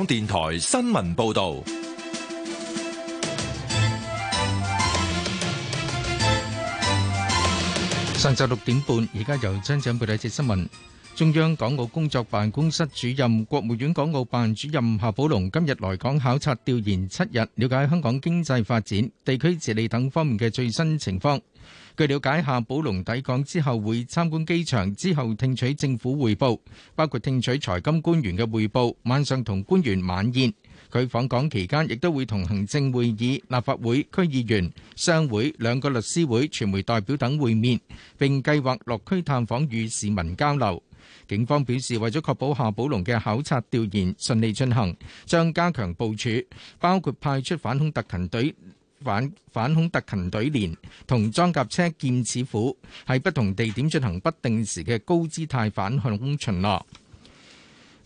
香港電台新聞報道：上晝六點半，而家由張長報道一節新聞。中央港澳工作辦公室主任、國務院港澳辦主任夏寶龍今日來港考察調研七日，了解香港經濟發展、地區治理等方面嘅最新情況。據了解，夏寶龍抵港之後會參觀機場，之後聽取政府匯報，包括聽取財金官員嘅匯報，晚上同官員晚宴。佢訪港期間亦都會同行政會議、立法會、區議員、商會、兩個律師會、傳媒代表等會面，並計劃落區探訪與市民交流。警方表示，為咗確保夏寶龍嘅考察調研順利進行，將加強部署，包括派出反恐特勤隊。反反恐特勤隊連同裝甲車、劍齒虎，喺不同地點進行不定時嘅高姿態反恐巡邏。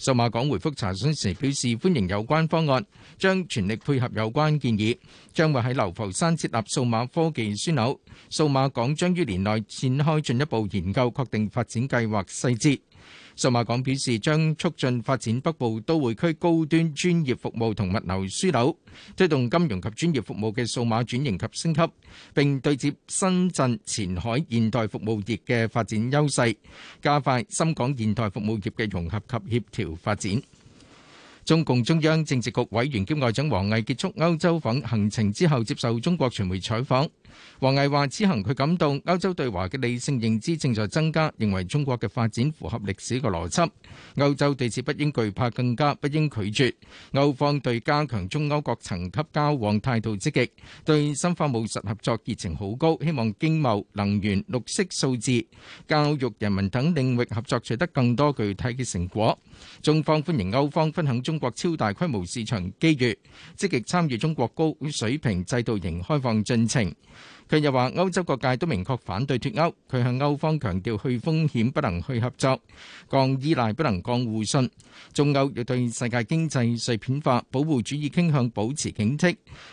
數碼港回覆查詢時表示歡迎有關方案，將全力配合有關建議。將會喺流浮山設立數碼科技樞紐，數碼港將於年內展開進一步研究，確定發展計劃細節。數碼港表示將促進發展北部都會區高端專業服務同物流樞紐，推動金融及專業服務嘅數碼轉型及升級，並對接深圳前海現代服務業嘅發展優勢，加快深港現代服務業嘅融合及協調發展。中共中央政治局委員兼外長王毅結束歐洲訪問行程之後接受中國傳媒採訪。王毅話：此行佢感到歐洲對華嘅理性認知正在增加，認為中國嘅發展符合歷史嘅邏輯。歐洲對此不應懼怕，更加不應拒絕。歐方對加強中歐各層級交往態度積極，對深化務實合作熱情好高，希望經貿、能源、綠色、數字、教育、人民等領域合作取得更多具體嘅成果。中方歡迎歐方分享中國超大規模市場機遇，積極參與中國高水平制度型開放進程。佢又話，歐洲各界都明確反對脱歐，佢向歐方強調去風險不能去合作，降依賴不能降互信。中歐要對世界經濟碎片化、保護主義傾向保持警惕，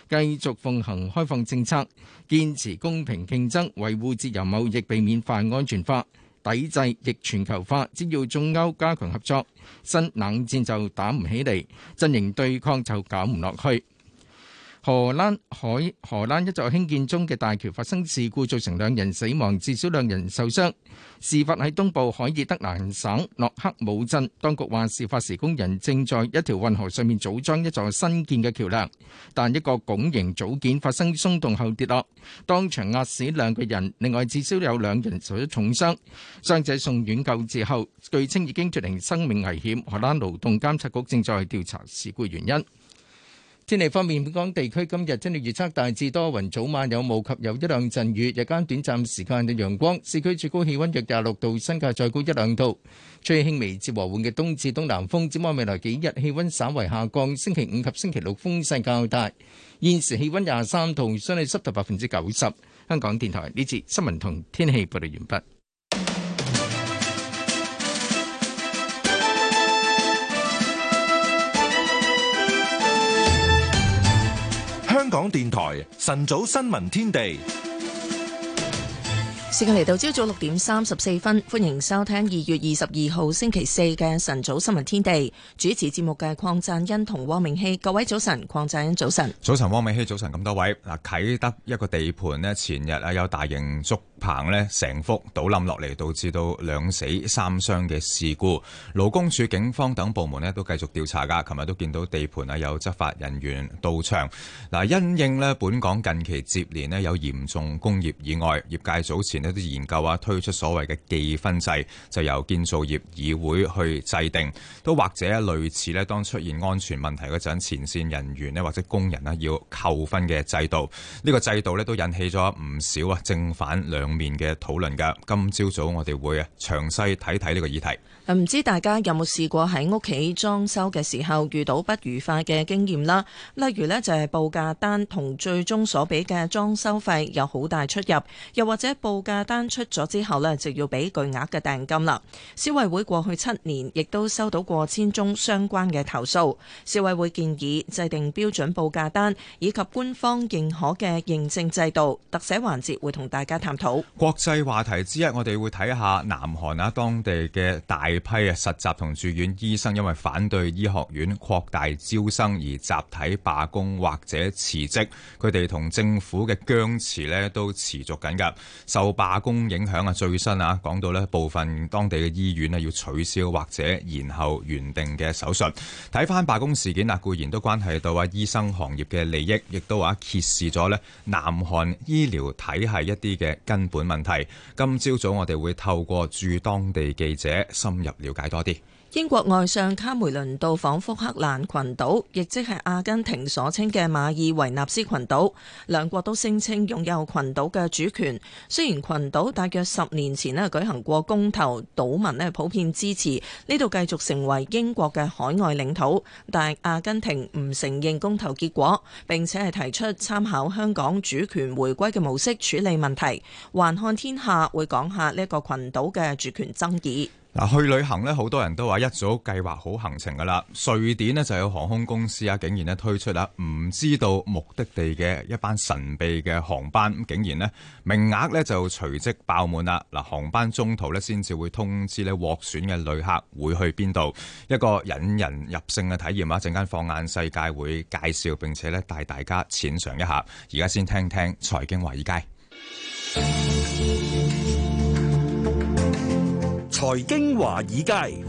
繼續奉行開放政策，堅持公平競爭，維護自由貿易，避免泛安全化、抵制逆全球化。只要中歐加強合作，新冷戰就打唔起嚟，陣營對抗就搞唔落去。荷蘭海荷蘭一座興建中嘅大橋發生事故，造成兩人死亡，至少兩人受傷。事發喺東部海爾德蘭省洛克姆鎮，當局話事發時工人正在一條運河上面組裝一座新建嘅橋梁，但一個拱形組件發生鬆動後跌落，當場壓死兩個人，另外至少有兩人受咗重傷。傷者送院救治後，據稱已經脱離生命危險。荷蘭勞動監察局正在調查事故原因。天氣方面，本港地區今日天氣預測大致多雲，早晚有霧及有一兩陣雨，日間短暫時間的陽光。市區最高氣溫約廿六度，新界再高一兩度。吹輕微至和緩嘅東至東南風，展望未來幾日氣溫稍為下降，星期五及星期六風勢較大。現時氣溫廿三度，相對濕度百分之九十。香港電台呢次新聞同天氣報道完畢。香港電台晨早新聞天地，時間嚟到朝早六點三十四分，歡迎收聽二月二十二號星期四嘅晨早新聞天地，主持節目嘅鄺贊恩同汪明熙。各位早晨，鄺贊恩早晨，早晨，汪明熙早晨，咁多位嗱，啟德一個地盤呢前日啊有大型足。棚呢成幅倒冧落嚟，導致到兩死三傷嘅事故。勞工處、警方等部門咧都繼續調查噶，琴日都見到地盤啊有執法人員到場嗱，因應咧本港近期接連咧有嚴重工業意外，業界早前咧都研究啊推出所謂嘅記分制，就由建造業議會去制定，都或者類似咧當出現安全問題嗰陣，前線人員咧或者工人啊要扣分嘅制度。呢個制度咧都引起咗唔少啊正反兩面嘅討論噶，今朝早我哋會啊詳細睇睇呢個議題。唔知大家有冇試過喺屋企裝修嘅時候遇到不愉快嘅經驗啦？例如呢，就係報價單同最終所俾嘅裝修費有好大出入，又或者報價單出咗之後呢，就要俾巨額嘅訂金啦。消委會過去七年亦都收到過千宗相關嘅投訴。消委會建議制定標準報價單以及官方認可嘅認證制度。特寫環節會同大家探討國際話題之一，我哋會睇下南韓啊當地嘅大批啊！實習同住院醫生因為反對醫學院擴大招生而集體罷工或者辭職，佢哋同政府嘅僵持咧都持續緊㗎。受罷工影響啊，最新啊，講到呢部分當地嘅醫院呢要取消或者延後原定嘅手術。睇翻罷工事件啊，固然都關係到啊醫生行業嘅利益，亦都話揭示咗呢南韓醫療體系一啲嘅根本問題。今朝早我哋會透過駐當地記者深了解多啲。英國外相卡梅倫到訪福克蘭群島，亦即係阿根廷所稱嘅馬爾維納斯群島。兩國都聲稱擁有群島嘅主權。雖然群島大約十年前呢舉行過公投，島民呢普遍支持，呢度繼續成為英國嘅海外領土。但阿根廷唔承認公投結果，並且係提出參考香港主權回歸嘅模式處理問題。環看天下會講下呢一個群島嘅主權爭議。嗱，去旅行咧，好多人都話一早計劃好行程噶啦。瑞典咧就有航空公司啊，竟然咧推出啦，唔知道目的地嘅一班神秘嘅航班，竟然咧名額咧就隨即爆滿啦。嗱，航班中途咧先至會通知咧獲選嘅旅客會去邊度，一個引人入勝嘅體驗啊！一陣間放眼世界會介紹，並且咧帶大家淺嘗一下。而家先聽聽財經華爾街。財經華爾街，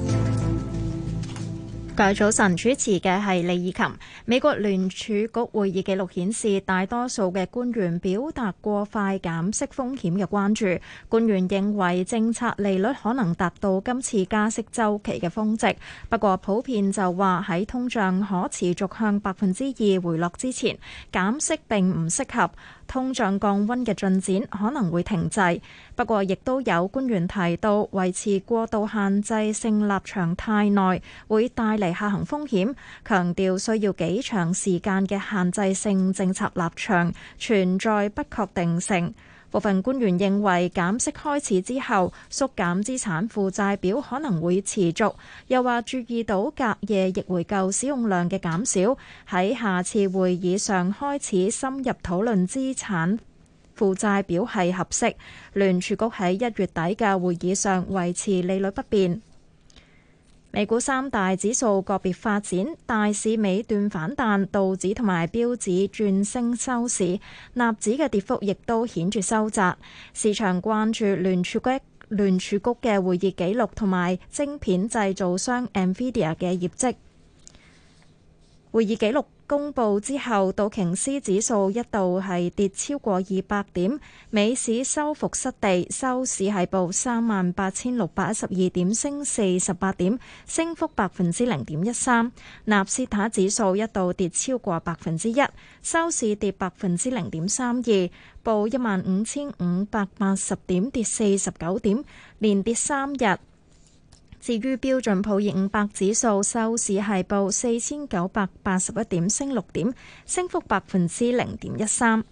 今早晨主持嘅係李以琴。美國聯儲局會議記錄顯示，大多數嘅官員表達過快減息風險嘅關注。官員認為政策利率可能達到今次加息周期嘅峰值，不過普遍就話喺通脹可持續向百分之二回落之前，減息並唔適合。通脹降溫嘅進展可能會停滯，不過亦都有官員提到維持過度限制性立場太耐會帶嚟下行風險，強調需要幾長時間嘅限制性政策立場存在不確定性。部分官員認為減息開始之後，縮減資產負債表可能會持續，又話注意到隔夜逆回購使用量嘅減少，喺下次會議上開始深入討論資產負債表係合適。聯儲局喺一月底嘅會議上維持利率不變。美股三大指數個別發展，大市尾段反彈，道指同埋標指轉升收市，納指嘅跌幅亦都顯著收窄。市場關注聯儲局聯儲局嘅會議記錄同埋晶片製造商 NVIDIA 嘅業績。會議記錄。公布之後道瓊斯指數一度係跌超過二百點，美市收復失地，收市係報三萬八千六百一十二點，升四十八點，升幅百分之零點一三。納斯達指數一度跌超過百分之一，收市跌百分之零點三二，報一萬五千五百八十點，跌四十九點，連跌三日。至於標準普爾五百指數收市係報四千九百八十一點，升六點，升幅百分之零點一三。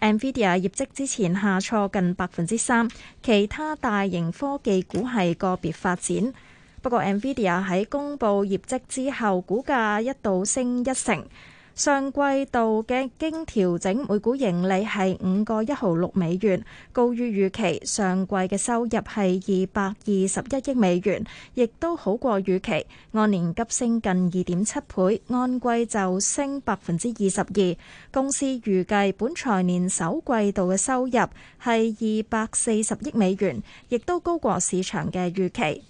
Nvidia 業績之前下挫近百分之三，其他大型科技股係個別發展。不過 Nvidia 喺公布業績之後，股價一度升一成。上季度嘅經調整每股盈利係五個一毫六美元，高於預期。上季嘅收入係二百二十一億美元，亦都好過預期，按年急升近二點七倍，按季就升百分之二十二。公司預計本財年首季度嘅收入係二百四十億美元，亦都高過市場嘅預期。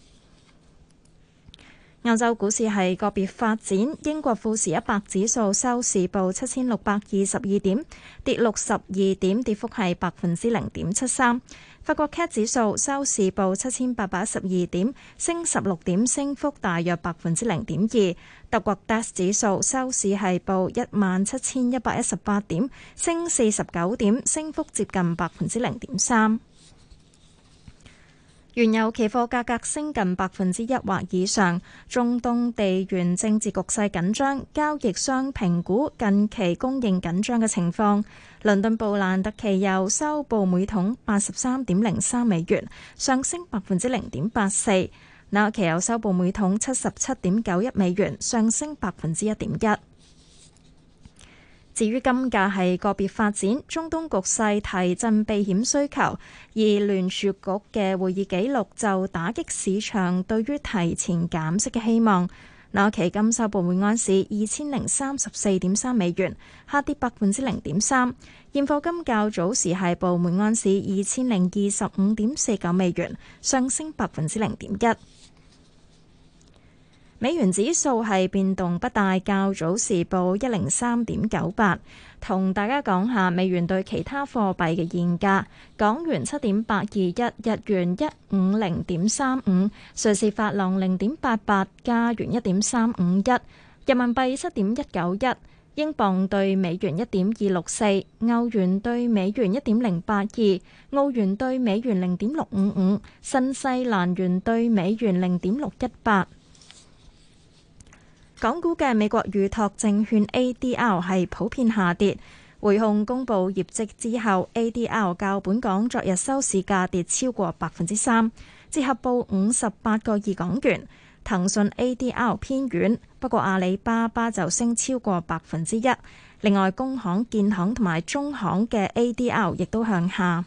歐洲股市係個別發展，英國富時一百指數收市報七千六百二十二點，跌六十二點，跌幅係百分之零點七三。法國 CAC 指數收市報七千八百十二點，升十六點，升幅大約百分之零點二。德國 DAX 指數收市係報一萬七千一百一十八點，升四十九點，升幅接近百分之零點三。原油期貨價格升近百分之一或以上，中東地緣政治局勢緊張，交易商評估近期供應緊張嘅情況。倫敦布蘭特期油收報每桶八十三點零三美元，上升百分之零點八四；紐約期油收報每桶七十七點九一美元，上升百分之一點一。至於金價係個別發展，中東局勢提振避險需求，而聯儲局嘅會議記錄就打擊市場對於提前減息嘅希望。那期金收報每安士二千零三十四點三美元，下跌百分之零點三。現貨金較早時係報每安士二千零二十五點四九美元，上升百分之零點一。美元指數係變動不大，較早時報一零三點九八。同大家講下美元對其他貨幣嘅現價：港元七點八二一，日元一五零點三五，瑞士法郎零點八八，加元一點三五一，人民幣七點一九一，英鎊對美元一點二六四，歐元對美元一點零八二，澳元對美元零點六五五，新西蘭元對美元零點六一八。港股嘅美國預託證券 ADR 係普遍下跌，匯控公布業績之後，ADR 較本港昨日收市價跌超過百分之三，折合報五十八個二港元。騰訊 ADR 偏軟，不過阿里巴巴就升超過百分之一。另外，工行、建行同埋中行嘅 ADR 亦都向下。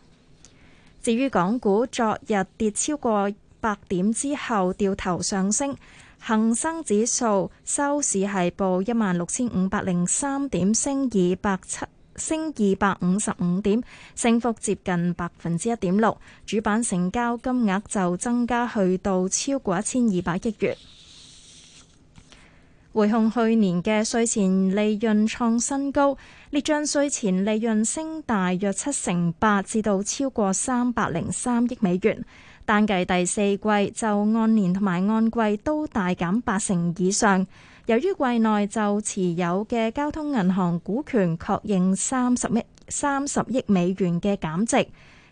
至於港股昨日跌超過百點之後，掉頭上升。恒生指數收市係報一萬六千五百零三點，升二百七升二百五十五點，升幅接近百分之一點六。主板成交金額就增加去到超過一千二百億元。滙控去年嘅稅前利潤創新高，列賬稅前利潤升大約七成八，至到超過三百零三億美元。單計第四季就按年同埋按季都大減八成以上。由於季內就持有嘅交通銀行股權確認三十億三十億美元嘅減值，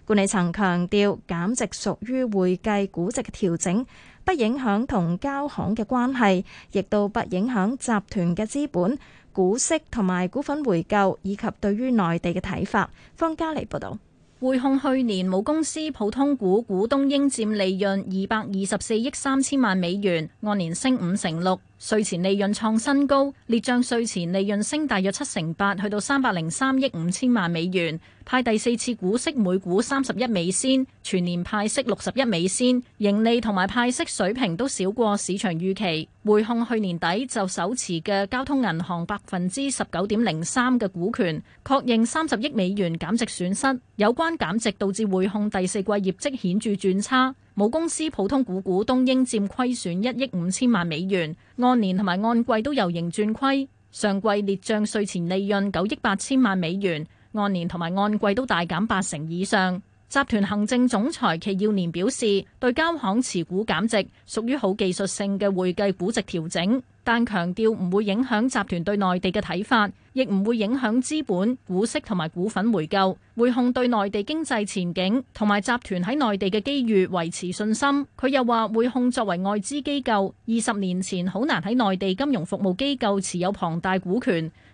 管理層強調減值屬於會計估值嘅調整，不影響同交行嘅關係，亦都不影響集團嘅資本股息同埋股份回購以及對於內地嘅睇法。方嘉莉報導。匯控去年母公司普通股股東應佔利潤二百二十四億三千萬美元，按年升五成六。稅前利潤創新高，列賬稅前利潤升大約七成八，去到三百零三億五千萬美元，派第四次股息每股三十一美仙，全年派息六十一美仙，盈利同埋派息水平都少過市場預期。匯控去年底就手持嘅交通銀行百分之十九點零三嘅股權，確認三十億美元減值損失，有關減值導致匯控第四季業績顯著轉差。母公司普通股股東應佔虧損一億五千萬美元，按年同埋按季都由盈轉虧。上季列賬稅前利潤九億八千萬美元，按年同埋按季都大減八成以上。集團行政總裁祁耀年表示，對交行持股減值屬於好技術性嘅會計估值調整。但強調唔會影響集團對內地嘅睇法，亦唔會影響資本、股息同埋股份回購。匯控對內地經濟前景同埋集團喺內地嘅機遇維持信心。佢又話，匯控作為外資機構，二十年前好難喺內地金融服務機構持有龐大股權。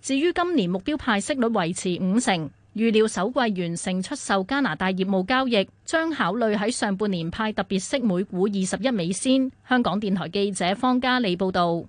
至於今年目標派息率維持五成，預料首季完成出售加拿大業務交易，將考慮喺上半年派特別息每股二十一美仙。香港電台記者方嘉莉報導。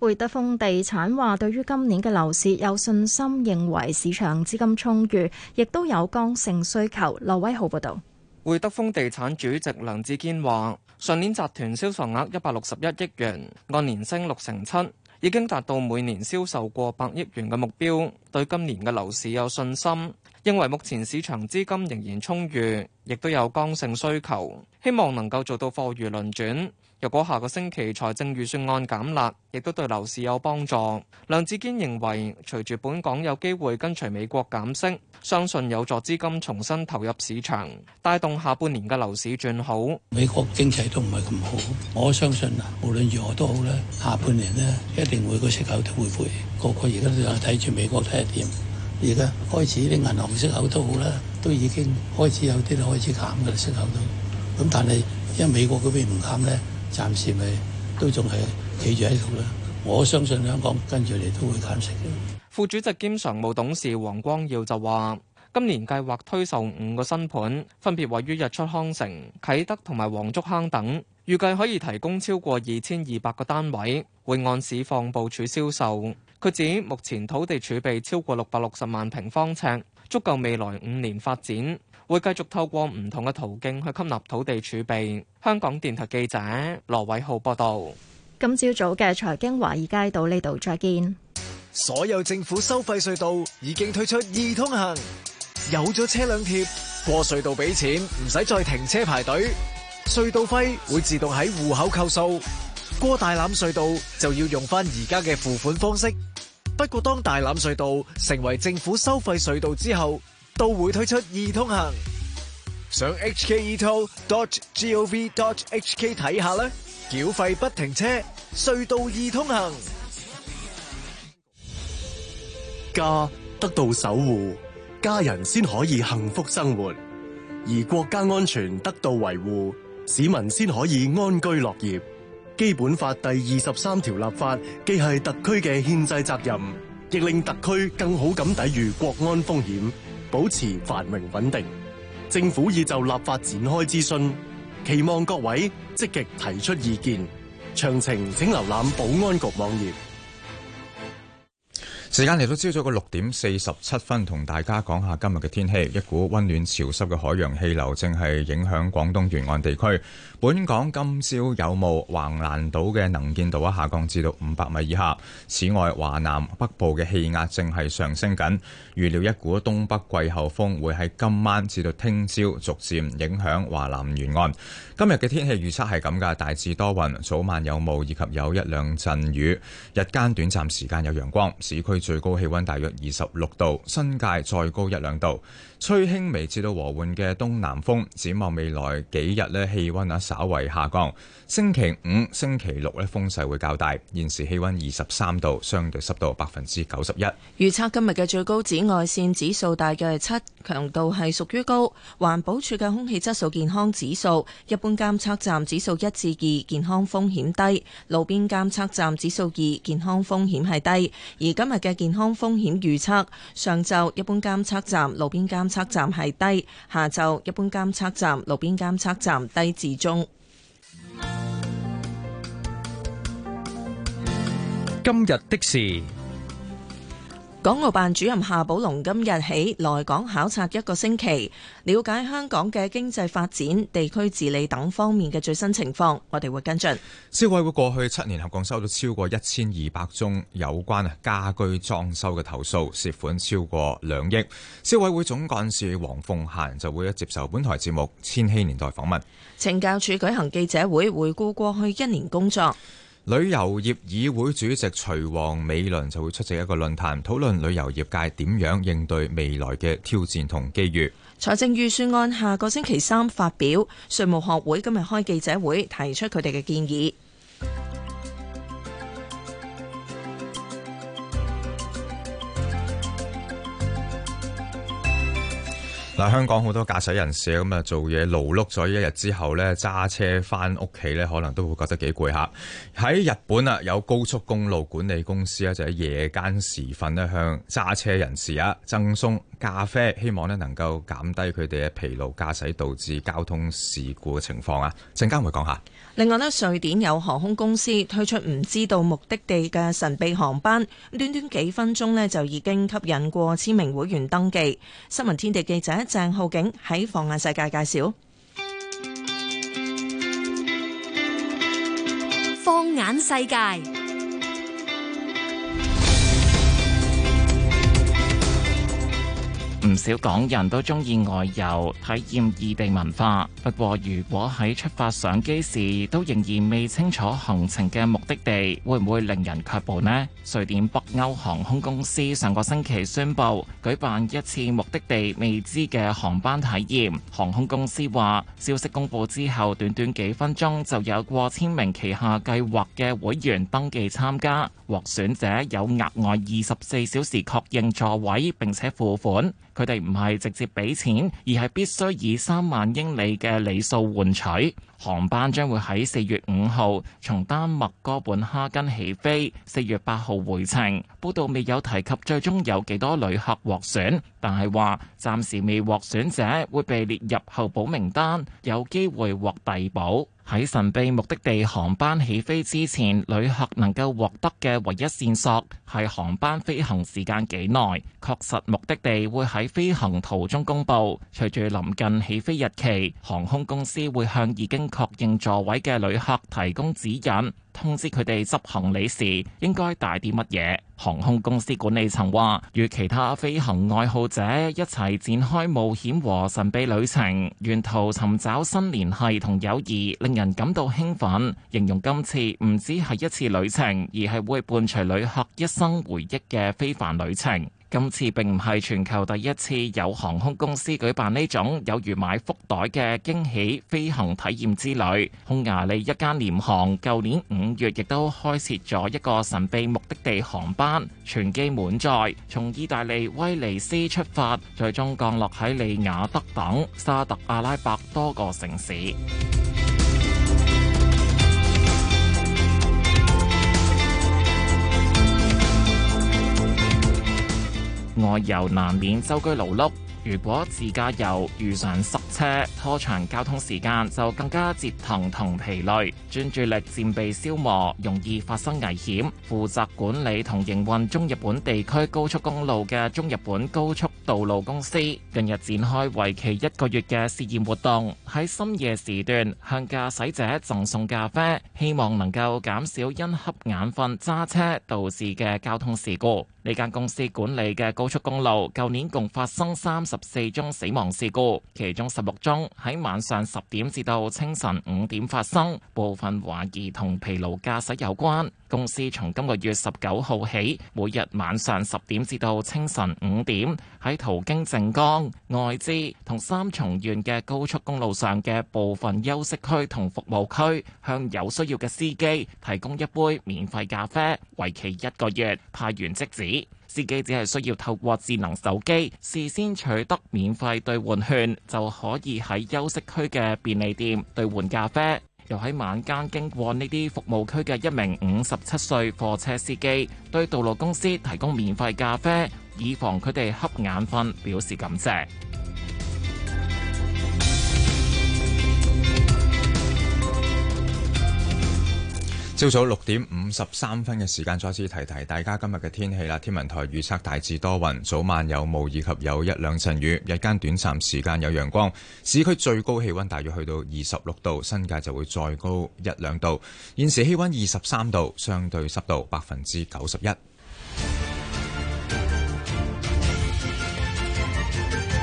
會德豐地產話，對於今年嘅樓市有信心，認為市場資金充裕，亦都有剛性需求。劉威豪報導。會德豐地產主席梁志堅話：上年集團銷售額一百六十一億元，按年升六成七。已經達到每年銷售過百億元嘅目標，對今年嘅樓市有信心，認為目前市場資金仍然充裕，亦都有剛性需求，希望能夠做到貨如輪轉。如果下個星期財政預算案減辣，亦都對樓市有幫助。梁志堅認為，隨住本港有機會跟隨美國減息，相信有助資金重新投入市場，帶動下半年嘅樓市轉好。美國經濟都唔係咁好，我相信啊，無論如何都好咧，下半年呢，一定會個息口都會回復。個個而家都睇住美國睇下點，而家開始啲銀行息口都好啦，都已經開始有啲開始減㗎啦，息口都。咁但係因為美國嗰邊唔減咧。暫時咪都仲係企住喺度啦。我相信香港跟住嚟都會減息。副主席兼常務董事黃光耀就話：今年計劃推售五個新盤，分別位於日出康城、啟德同埋黃竹坑等，預計可以提供超過二千二百個單位，會按市況部署銷售。佢指目前土地儲備超過六百六十萬平方尺，足夠未來五年發展。會繼續透過唔同嘅途徑去吸納土地儲備。香港電台記者羅偉浩報道。今朝早嘅財經華爾街道到呢度再見。所有政府收費隧道已經推出易通行，有咗車輛貼過隧道俾錢，唔使再停車排隊。隧道費會自動喺戶口扣數。過大欖隧道就要用翻而家嘅付款方式。不過當大欖隧道成為政府收費隧道之後，都會推出易通行，上 h k e t o dot g o v dot h k 睇下啦。繳費不停車，隧道易通行。家得到守護，家人先可以幸福生活；而國家安全得到維護，市民先可以安居樂業。基本法第二十三條立法既係特區嘅憲制責任，亦令特區更好咁抵禦國安風險。保持繁榮穩定，政府已就立法展開諮詢，期望各位積極提出意見，詳情請瀏覽保安局網頁。時間嚟到朝早嘅六點四十七分，同大家講下今日嘅天氣。一股溫暖潮濕嘅海洋氣流正係影響廣東沿岸地區。本港今朝有霧，橫瀾島嘅能見度啊下降至到五百米以下。此外，華南北部嘅氣壓正係上升緊，預料一股東北季候風會喺今晚至到聽朝逐漸影響華南沿岸。今日嘅天氣預測係咁㗎，大致多雲，早晚有霧，以及有一兩陣雨，日間短暫時間有陽光。市區。最高氣溫大約二十六度，新界再高一兩度。吹輕微至到和緩嘅東南風，展望未來幾日咧氣溫啊稍為下降。星期五、星期六咧風勢會較大。現時氣溫二十三度，相對濕度百分之九十一。預測今日嘅最高紫外線指數大約係七，強度係屬於高。環保署嘅空氣質素健康指數，一般監測站指數一至二，健康風險低；路邊監測站指數二，健康風險係低。而今日嘅健康風險預測，上晝一般監測站、路邊監。監測站係低，下晝一般監測站、路邊監測站低至中。今日的事。港澳辦主任夏寶龍今日起來港考察一個星期，了解香港嘅經濟發展、地區治理等方面嘅最新情況。我哋會跟進。消委會過去七年合共收到超過一千二百宗有關啊家居裝修嘅投訴，涉款超過兩億。消委會總幹事黃鳳嫻就會接受本台節目《千禧年代》訪問。懲教署舉行記者會，回顧過去一年工作。旅遊業議會主席徐王美倫就會出席一個論壇，討論旅遊業界點樣應對未來嘅挑戰同機遇。財政預算案下個星期三發表，稅務學會今日開記者會，提出佢哋嘅建議。嗱，香港好多駕駛人士咁啊，做嘢勞碌咗一日之後咧，揸車翻屋企咧，可能都會覺得幾攰嚇。喺日本啊，有高速公路管理公司咧，就喺夜間時分咧，向揸車人士啊贈送咖啡，希望咧能夠減低佢哋嘅疲勞駕駛導致交通事故嘅情況啊。陣間會講下。另外咧，瑞典有航空公司推出唔知道目的地嘅神秘航班，短短幾分鐘咧就已經吸引過千名會員登記。新聞天地記者鄭浩景喺放眼世界介紹。放眼世界。唔少港人都中意外遊體驗異地文化，不過如果喺出發上機時都仍然未清楚行程嘅目的地，會唔會令人卻步呢？瑞典北歐航空公司上個星期宣布舉辦一次目的地未知嘅航班體驗。航空公司話，消息公布之後，短短幾分鐘就有過千名旗下計劃嘅會員登記參加，獲選者有額外二十四小時確認座位，並且付款。佢哋唔係直接俾錢，而係必須以三萬英里嘅里數換取。航班將會喺四月五號從丹麥哥本哈根起飛，四月八號回程。報道未有提及最終有幾多旅客獲選，但係話暫時未獲選者會被列入候補名單，有機會獲遞補。喺神秘目的地航班起飛之前，旅客能夠獲得嘅唯一線索係航班飛行時間幾耐，確實目的地會喺飛行途中公布。隨住臨近起飛日期，航空公司會向已經確認座位嘅旅客提供指引。通知佢哋執行李時，應該帶啲乜嘢。航空公司管理層話，與其他飛行愛好者一齊展開冒險和神秘旅程，沿途尋找新聯繫同友誼令人感到興奮，形容今次唔止係一次旅程，而係會伴隨旅客一生回憶嘅非凡旅程。今次並唔係全球第一次有航空公司舉辦呢種有如買福袋嘅驚喜飛行體驗之旅。匈牙利一間廉航舊年五月亦都開設咗一個神秘目的地航班，全機滿載，從意大利威尼斯出發，最終降落喺利雅德等沙特阿拉伯多個城市。外遊難免周居勞碌，如果自駕遊遇上塞車拖長交通時間就更加折騰同疲累，專注力漸被消磨，容易發生危險。負責管理同營運中日本地區高速公路嘅中日本高速道路公司，近日展開為期一個月嘅試驗活動，喺深夜時段向駕駛者贈送咖啡，希望能夠減少因瞌眼瞓揸車導致嘅交通事故。呢間公司管理嘅高速公路，舊年共發生三十四宗死亡事故，其中十六宗喺晚上十點至到清晨五點發生，部分懷疑同疲勞駕駛有關。公司從今個月十九號起，每日晚上十點至到清晨五點，喺途經靜岡、愛知同三重縣嘅高速公路上嘅部分休息區同服務區，向有需要嘅司機提供一杯免費咖啡，為期一個月，派完即止。司機只係需要透過智能手機事先取得免費兌換券，就可以喺休息區嘅便利店兌換咖啡。又喺晚間經過呢啲服務區嘅一名五十七歲貨車司機，對道路公司提供免費咖啡，以防佢哋瞌眼瞓，表示感謝。朝早六點五十三分嘅時間再次提提大家今日嘅天氣啦。天文台預測大致多雲，早晚有霧以及有一兩陣雨，日間短暫時間有陽光。市區最高氣温大約去到二十六度，新界就會再高一兩度。現時氣温二十三度，相對濕度百分之九十一。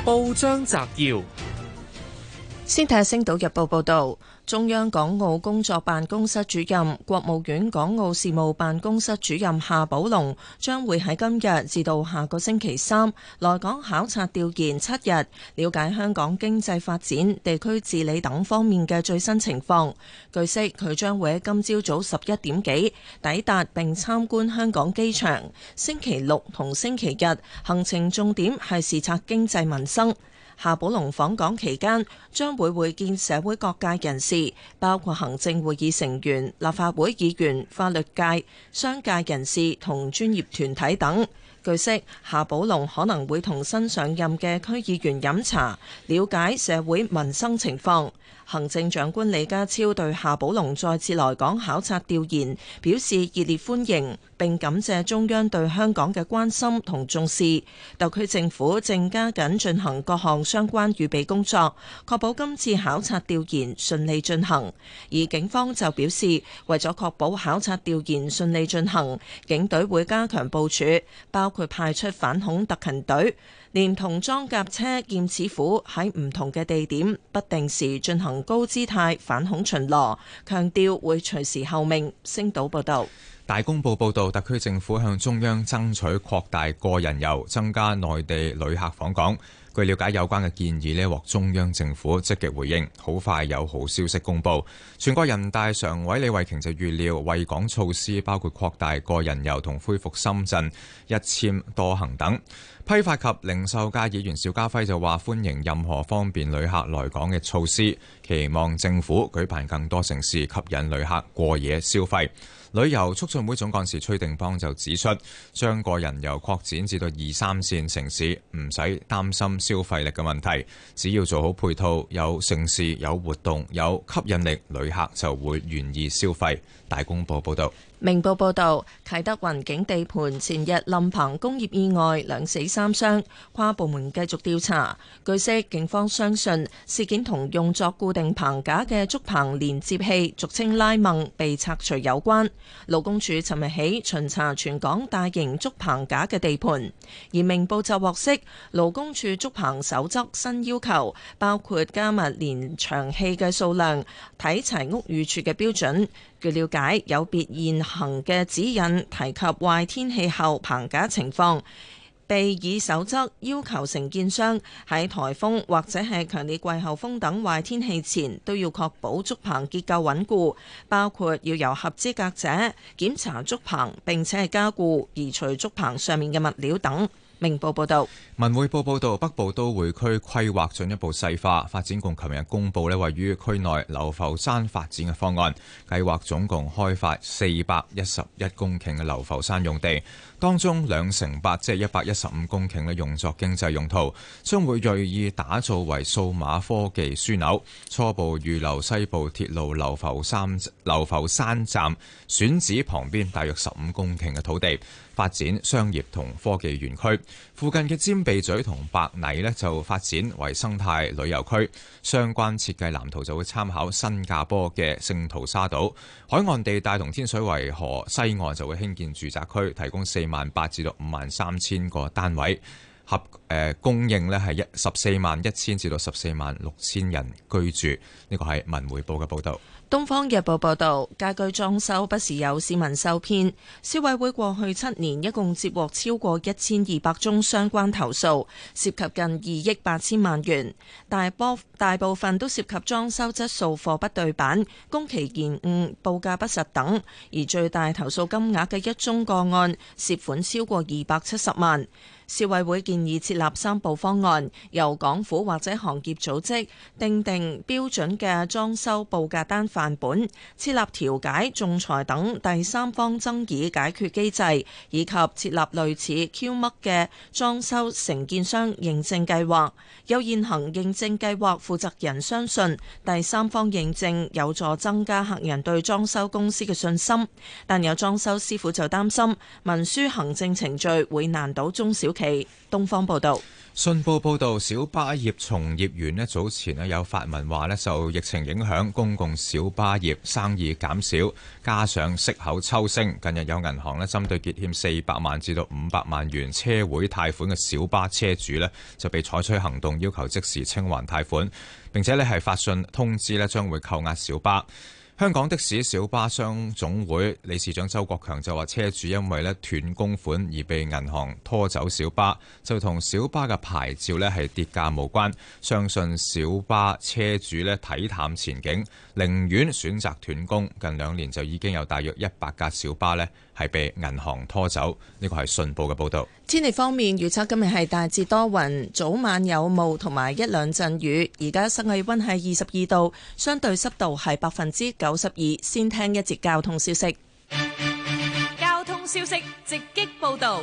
報章摘要。先睇下《星島日報》報道，中央港澳工作辦公室主任、國務院港澳事務辦公室主任夏寶龍將會喺今日至到下個星期三來港考察調研七日，了解香港經濟發展、地區治理等方面嘅最新情況。據悉，佢將會喺今朝早十一點幾抵達並參觀香港機場。星期六同星期日行程重點係視察經濟民生。夏寶龍訪港期間將會會見社會各界人士，包括行政會議成員、立法會議員、法律界、商界人士同專業團體等。據悉，夏寶龍可能會同新上任嘅區議員飲茶，了解社會民生情況。行政長官李家超對夏寶龍再次來港考察調研表示熱烈歡迎，並感謝中央對香港嘅關心同重視。特區政府正加緊進行各項相關預備工作，確保今次考察調研順利進行。而警方就表示，為咗確保考察調研順利進行，警隊會加強部署，包括派出反恐特勤隊。連同裝甲車、劍齒虎喺唔同嘅地點不定時進行高姿態反恐巡邏，強調會隨時候命。星島報道，大公報報導，特區政府向中央爭取擴大個人遊，增加內地旅客訪港。據了解，有關嘅建議呢，獲中央政府積極回應，好快有好消息公布。全國人大常委李慧瓊就預料，惠港措施包括擴大個人遊同恢復深圳一簽多行等。批發及零售界議員邵家輝就話：歡迎任何方便旅客來港嘅措施，期望政府舉辦更多城市吸引旅客過夜消費。旅遊促進會總幹事崔定邦就指出：將個人遊擴展至到二三線城市，唔使擔心消費力嘅問題，只要做好配套，有城市、有活動、有吸引力，旅客就會願意消費。大公報報道。明報報導，啟德雲景地盤前日冧棚工業意外兩死三傷，跨部門繼續調查。據悉，警方相信事件同用作固定棚架嘅竹棚連接器，俗稱拉孟，被拆除有關。勞工處尋日起巡查全港大型竹棚架嘅地盤，而明報就獲悉勞工處竹棚守則新要求，包括加密連牆器嘅數量、睇齊屋宇署嘅標準。據了解，有別現行嘅指引提及壞天氣後棚架情況，被以守則要求承建商喺台風或者係強烈季候風等壞天氣前，都要確保竹棚結構穩固，包括要由合資格者檢查竹棚，並且係加固移除竹棚上面嘅物料等。明報報道，文匯報報道，北部都會區規劃進一步細化。發展局琴日公布咧，位於區內流浮山發展嘅方案，計劃總共開發四百一十一公頃嘅流浮山用地。當中兩成八，即係一百一十五公頃咧，用作經濟用途，將會銳意打造為數碼科技樞紐，初步預留西部鐵路流浮山流浮山站選址旁邊，大約十五公頃嘅土地，發展商業同科技園區。附近嘅尖鼻咀同白泥呢，就發展為生態旅遊區，相關設計藍圖就會參考新加坡嘅聖淘沙島。海岸地帶同天水圍河西岸就會興建住宅區，提供四萬八至到五萬三千個單位，合誒、呃、供應呢係一十四萬一千至到十四萬六千人居住。呢、這個係文匯報嘅報導。《東方日報》報道，家居裝修不時有市民受騙，消委會過去七年一共接獲超過一千二百宗相關投訴，涉及近二億八千萬元，大波大部分都涉及裝修質素、貨不對版、工期延誤、報價不實等，而最大投訴金額嘅一宗個案，涉款超過二百七十萬。消委會建議設立三步方案，由港府或者行業組織訂定定標準嘅裝修報價單範本，設立調解、仲裁等第三方爭議解決機制，以及設立類似 Q 嘜嘅裝修承建商認證計劃。有現行認證計劃負責人相信第三方認證有助增加客人對裝修公司嘅信心，但有裝修師傅就擔心文書行政程序會難倒中小。其東方報道，信報報道，小巴業從業員呢早前呢有發文話咧，受疫情影響，公共小巴業生意減少，加上息口抽升，近日有銀行咧針對結欠四百萬至到五百萬元車會貸款嘅小巴車主咧，就被採取行動，要求即時清還貸款，並且咧係發信通知咧將會扣押小巴。香港的士小巴商總會理事長周國強就話：車主因為咧斷供款而被銀行拖走小巴，就同小巴嘅牌照咧係跌價無關。相信小巴車主咧睇淡前景，寧願選擇斷供。近兩年就已經有大約一百架小巴咧。係被銀行拖走，呢個係信報嘅報導。天氣方面預測今日係大致多雲，早晚有霧同埋一兩陣雨。而家室氣温係二十二度，相對濕度係百分之九十二。先聽一節交通消息。交通消息直擊報導。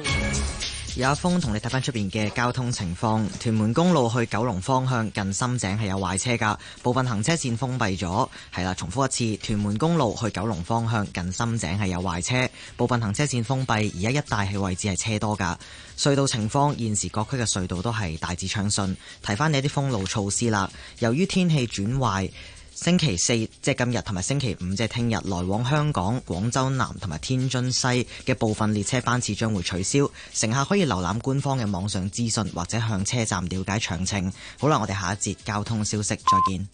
有一封同你睇翻出邊嘅交通情況，屯門公路去九龍方向近深井係有壞車噶部分行車線封閉咗。係啦，重複一次，屯門公路去九龍方向近深井係有壞車，部分行車線封閉。而家一帶係位置係車多噶隧道情況，現時各區嘅隧道都係大致暢順。提翻你一啲封路措施啦，由於天氣轉壞。星期四即係今日，同埋星期五即係聽日，來往香港、廣州南同埋天津西嘅部分列車班次將會取消。乘客可以瀏覽官方嘅網上資訊，或者向車站了解詳情。好啦，我哋下一節交通消息，再見。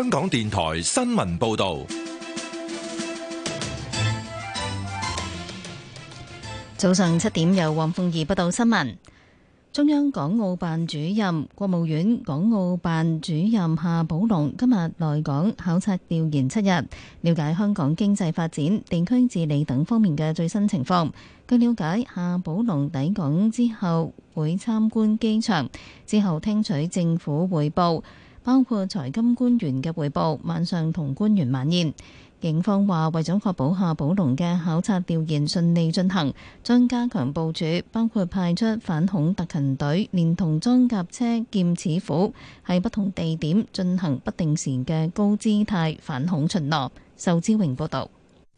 香港電台新聞報道，早上七點由黃鳳儀報道新聞。中央港澳辦主任、國務院港澳辦主任夏寶龍今日來港考察調研七日，了解香港經濟發展、地區治理等方面嘅最新情況。據了解，夏寶龍抵港之後會參觀機場，之後聽取政府匯報。包括財金官員嘅回報、晚上同官員晚宴。警方話，為咗確保夏寶龍嘅考察調研順利進行，將加強部署，包括派出反恐特勤隊，連同裝甲車、劍齒虎，喺不同地點進行不定時嘅高姿態反恐巡邏。仇志榮報道。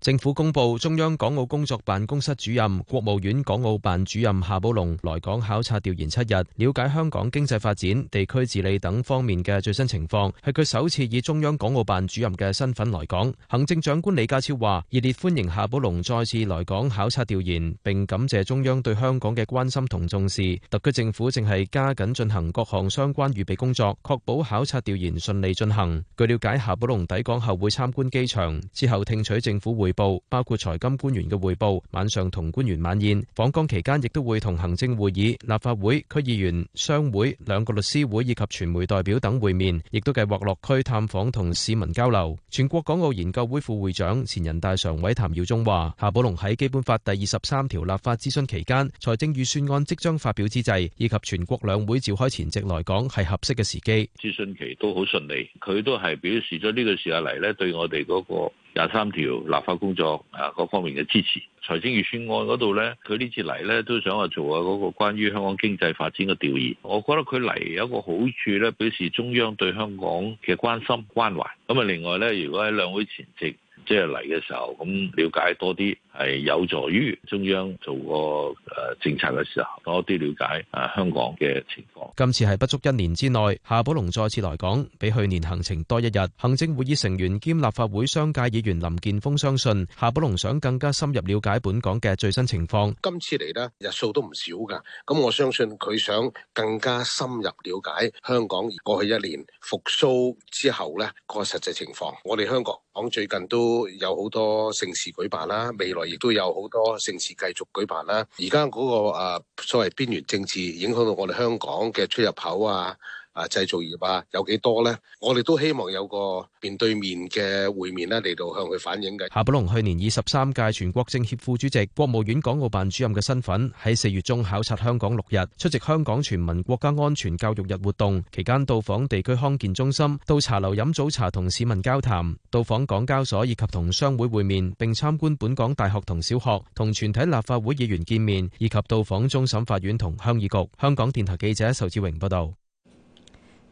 政府公布，中央港澳工作辦公室主任、國務院港澳辦主任夏寶龍來港考察調研七日，了解香港經濟發展、地區治理等方面嘅最新情況，係佢首次以中央港澳辦主任嘅身份來港。行政長官李家超話：熱烈歡迎夏寶龍再次來港考察調研，並感謝中央對香港嘅關心同重視。特區政府正係加緊進行各項相關預備工作，確保考察調研順利進行。據了解，夏寶龍抵港後會參觀機場，之後聽取政府會報包括財金官員嘅匯報，晚上同官員晚宴，訪港期間亦都會同行政會議、立法會、區議員、商會、兩個律師會以及傳媒代表等會面，亦都計劃落區探訪同市民交流。全國港澳研究會副會長、前人大常委譚耀宗話：夏寶龍喺《基本法》第二十三條立法諮詢期間、財政預算案即將發表之際，以及全國兩會召開前夕來講，係合適嘅時機。諮詢期都好順利，佢都係表示咗呢個時候嚟咧，對我哋嗰個。廿三條立法工作啊，各方面嘅支持，財政預算案嗰度呢，佢呢次嚟呢都想話做下嗰個關於香港經濟發展嘅調研。我覺得佢嚟有一個好處呢，表示中央對香港嘅關心關懷。咁啊，另外呢，如果喺兩會前夕即係嚟嘅時候，咁了解多啲。係有助於中央做個誒政策嘅時候多啲瞭解誒香港嘅情況。今次係不足一年之內，夏寶龍再次來港，比去年行程多一日。行政會議成員兼立法會商界議員林健鋒相信，夏寶龍想更加深入了解本港嘅最新情況。今次嚟呢，日數都唔少㗎，咁我相信佢想更加深入了解香港過去一年復甦之後呢個實際情況。我哋香港講最近都有好多盛事舉辦啦，未來，亦都有好多城市繼續舉辦啦，而家嗰個，呃，所謂邊緣政治影響到我哋香港嘅出入口啊。啊！製造業啊，有幾多咧？我哋都希望有個面對面嘅會面咧，嚟到向佢反映嘅。夏寶龍去年以十三屆全國政協副主席、國務院港澳辦主任嘅身份，喺四月中考察香港六日，出席香港全民國家安全教育日活動期間，到訪地區康健中心，到茶樓飲早茶同市民交談，到訪港交所以及同商會會面，並參觀本港大學同小學，同全體立法會議員見面，以及到訪終審法院同鄉議局。香港電台記者仇志榮報道。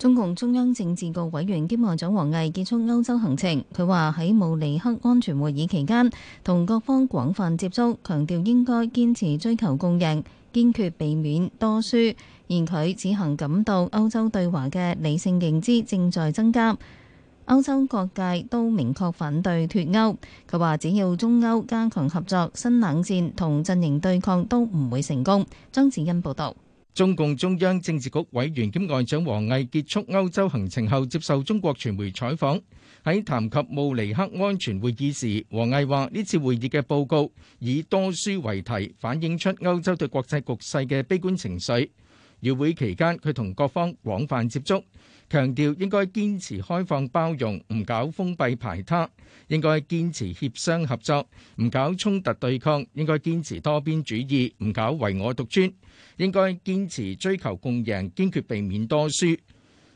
中共中央政治局委員兼外長王毅結束歐洲行程。佢話喺慕尼黑安全會議期間同各方廣泛接觸，強調應該堅持追求共贏，堅決避免多輸，而佢此行感到歐洲對華嘅理性認知正在增加。歐洲各界都明確反對脫歐，佢話只要中歐加強合作，新冷戰同陣營對抗都唔會成功。張子恩報道。中共中央政治局委員兼外長王毅結束歐洲行程後接受中國傳媒採訪。喺談及慕尼黑安全會議時，王毅話：呢次會議嘅報告以多輸為題，反映出歐洲對國際局勢嘅悲觀情緒。與會期間，佢同各方廣泛接觸，強調應該堅持開放包容，唔搞封閉排他；應該堅持協商合作，唔搞衝突對抗；應該堅持多邊主義，唔搞唯我獨尊；應該堅持追求共贏，堅決避免多輸。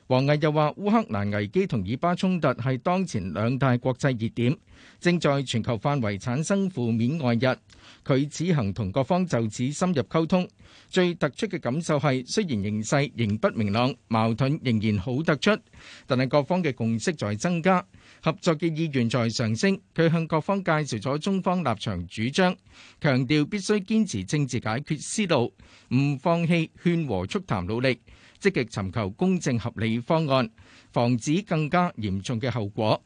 王毅又話：烏克蘭危機同以巴衝突係當前兩大國際熱點，正在全球範圍產生負面外溢。佢此行同各方就此深入溝通，最突出嘅感受係雖然形勢仍不明朗，矛盾仍然好突出，但係各方嘅共識在增加，合作嘅意願在上升。佢向各方介紹咗中方立場主張，強調必須堅持政治解決思路，唔放棄勸和促談努力，積極尋求公正合理方案，防止更加嚴重嘅後果。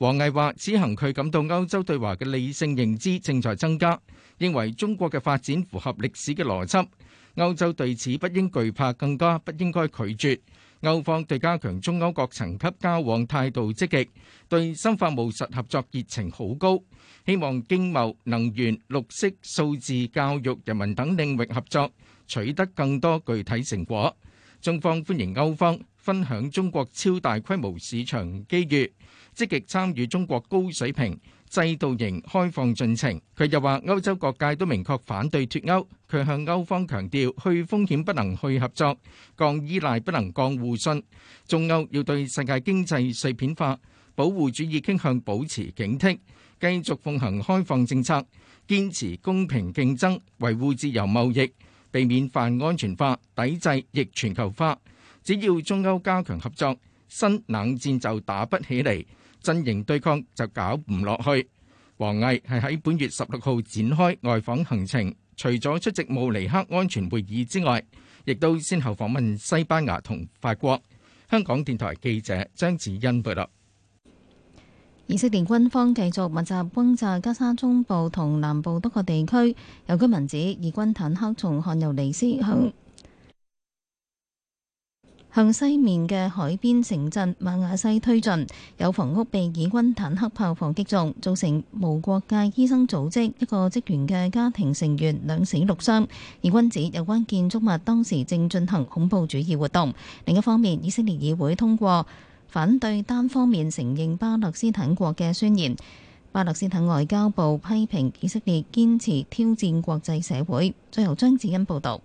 王毅話，此行佢感到歐洲對華嘅理性認知正在增加，認為中國嘅發展符合歷史嘅邏輯，歐洲對此不應懼怕，更加不應該拒絕。歐方對加強中歐各層級交往態度積極，對深化務實合作熱情好高，希望經貿、能源、綠色、數字、教育、人民等領域合作取得更多具體成果。中方歡迎歐方分享中國超大規模市場機遇。積極參與中國高水平制度型開放進程。佢又話：歐洲各界都明確反對脱歐。佢向歐方強調，去風險不能去合作，降依賴不能降互信。中歐要對世界經濟碎片化、保護主義傾向保持警惕，繼續奉行開放政策，堅持公平競爭，維護自由貿易，避免泛安全化、抵制逆全球化。只要中歐加強合作，新冷戰就打不起嚟。陣營對抗就搞唔落去。王毅係喺本月十六號展開外訪行程，除咗出席慕尼黑安全會議之外，亦都先後訪問西班牙同法國。香港電台記者張子欣報道。以色列軍方繼續密集轟炸加沙中部同南部多個地區，有居民指以軍坦克從汗尤尼斯向向西面嘅海邊城鎮馬雅西推進，有房屋被以軍坦克炮砲擊中，造成無國界醫生組織一個職員嘅家庭成員兩死六傷，以軍指有關建築物當時正進行恐怖主義活動，另一方面，以色列議會通過反對單方面承認巴勒斯坦國嘅宣言。巴勒斯坦外交部批評以色列堅持挑戰國際社會，再由張子欣報道。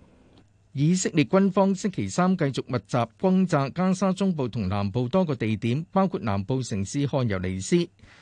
以色列軍方星期三繼續密集轟炸加沙中部同南部多個地點，包括南部城市汗尤尼斯。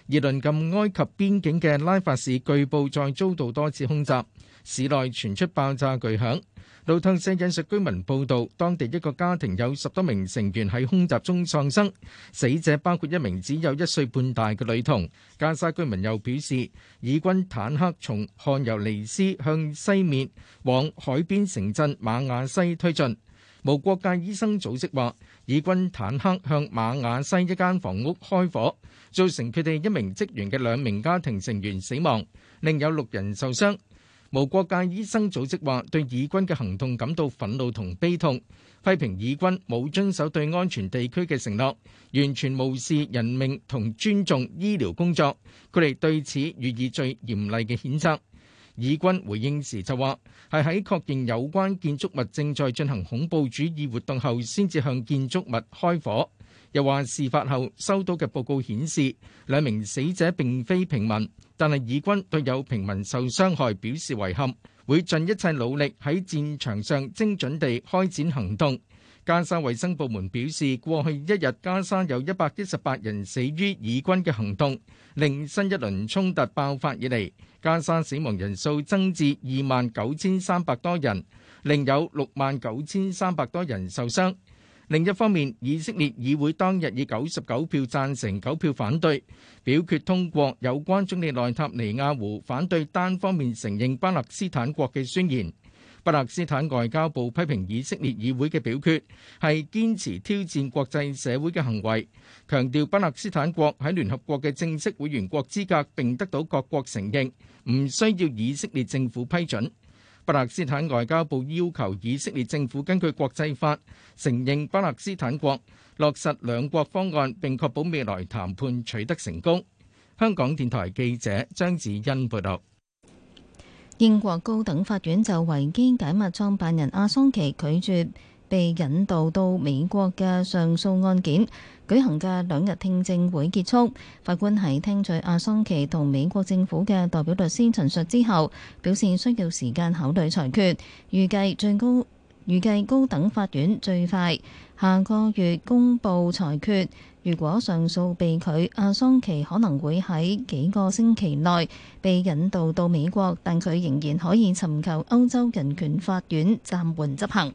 而鄰近埃及邊境嘅拉法市據報再遭到多次轟炸，市內傳出爆炸巨響。路透社引述居民報道，當地一個家庭有十多名成員喺空襲中喪生，死者包括一名只有一歲半大嘅女童。加沙居民又表示，以軍坦克從汗尤尼斯向西面往海邊城鎮馬雅西推進。無國界醫生組織話以軍坦克向馬雅西一間房屋開火，造成佢哋一名職員嘅兩名家庭成員死亡，另有六人受傷。無國界醫生組織話對以軍嘅行動感到憤怒同悲痛，批評以軍冇遵守對安全地區嘅承諾，完全無視人命同尊重醫療工作。佢哋對此予以最嚴厲嘅譴責。以軍回應時就話係喺確認有關建築物正在進行恐怖主義活動後，先至向建築物開火。又話事發後收到嘅報告顯示，兩名死者並非平民。但係，以軍對有平民受傷害表示遺憾，會盡一切努力喺戰場上精準地開展行動。加沙衛生部門表示，過去一日加沙有一百一十八人死於以軍嘅行動，令新一輪衝突爆發以嚟，加沙死亡人數增至二萬九千三百多人，另有六萬九千三百多人受傷。另一方面，以色列議會當日以99票贊成、9票反對，表決通過有關總理內塔尼亞胡反對單方面承認巴勒斯坦國嘅宣言。巴勒斯坦外交部批評以色列議會嘅表決係堅持挑戰國際社會嘅行為，強調巴勒斯坦國喺聯合國嘅正式會員國資格並得到各國承認，唔需要以色列政府批准。巴勒斯坦外交部要求以色列政府根據國際法承認巴勒斯坦國，落實兩國方案，並確保未來談判取得成功。香港電台記者張子欣報道。英國高等法院就《維基解密》創辦人阿桑奇拒絕。被引渡到美國嘅上訴案件舉行嘅兩日聽證會結束，法官喺聽取阿桑奇同美國政府嘅代表律師陳述之後，表示需要時間考慮裁決，預計最高預計高等法院最快下個月公布裁決。如果上訴被拒，阿桑奇可能會喺幾個星期內被引渡到美國，但佢仍然可以尋求歐洲人權法院暫緩執行。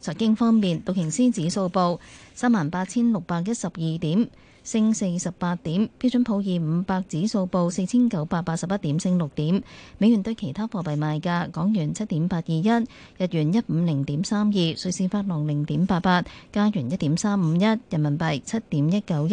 財經方面，道瓊斯指數報三萬八千六百一十二點，升四十八點，標準普爾五百指數報四千九百八十一點，升六點，美元對其他貨幣賣價，港元七點八二一，日元一五零點三二，瑞士法郎零點八八，加元一點三五一，人民幣七點一九一，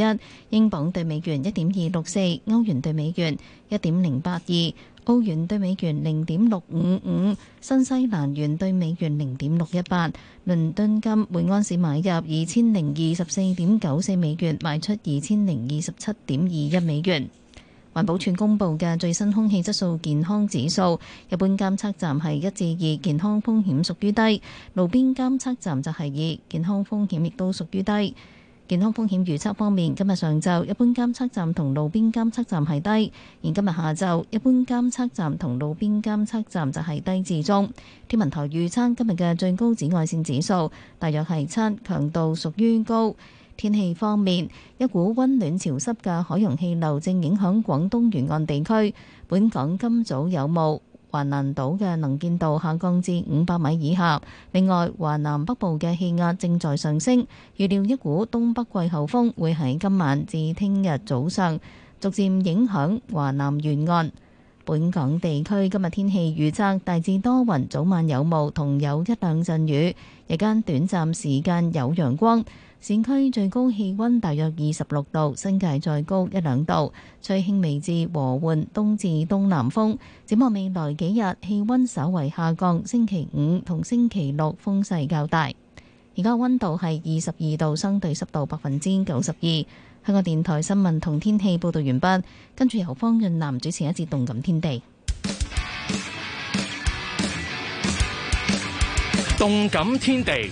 英鎊兌美元一點二六四，歐元兌美元一點零八二。澳元兌美元零點六五五，新西蘭元兌美元零點六一八，倫敦金每安士買入二千零二十四點九四美元，賣出二千零二十七點二一美元。環保署公布嘅最新空氣質素健康指數，一般監測站係一至二，健康風險屬於低；路邊監測站就係二，健康風險亦都屬於低。健康風險預測方面，今日上晝一般監測站同路邊監測站係低，而今日下晝一般監測站同路邊監測站就係低至中。天文台預測今日嘅最高紫外線指數大約係七，強度屬於高。天氣方面，一股溫暖潮濕嘅海洋氣流正影響廣東沿岸地區，本港今早有霧。華南島嘅能見度下降至五百米以下。另外，華南北部嘅氣壓正在上升，預料一股東北季候風會喺今晚至聽日早上逐漸影響華南沿岸。本港地區今日天氣預測大致多雲，早晚有霧同有一兩陣雨，日間短暫時間有陽光，本區最高氣溫大約二十六度，新界再高一兩度，吹輕微至和緩東至東南風。展望未來幾日氣溫稍為下降，星期五同星期六風勢較大。而家溫度係二十二度，相對濕度百分之九十二。香港電台新聞同天氣報道完畢，跟住由方潤南主持一節動感天地。動感天地。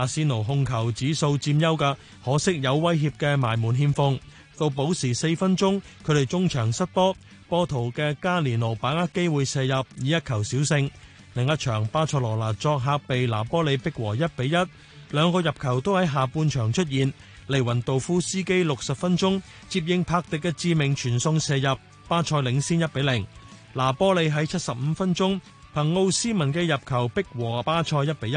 阿仙奴控球指數佔優嘅，可惜有威脅嘅埋門欠奉。到補時四分鐘，佢哋中場失波，波圖嘅加連奴把握機會射入，以一球小勝。另一場巴塞羅那作客被拿波利逼和一比一，兩個入球都喺下半場出現。利雲道夫斯基六十分鐘接應帕迪嘅致命傳送射入，巴塞領先一比零。拿波利喺七十五分鐘憑奧斯文嘅入球逼和巴塞一比一。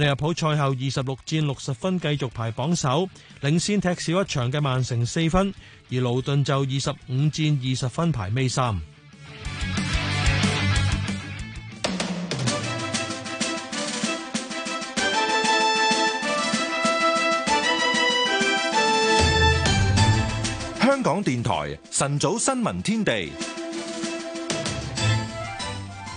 利物浦賽後二十六戰六十分，繼續排榜首，領先踢少一場嘅曼城四分，而勞頓就二十五戰二十分排尾三。香港電台晨早新聞天地。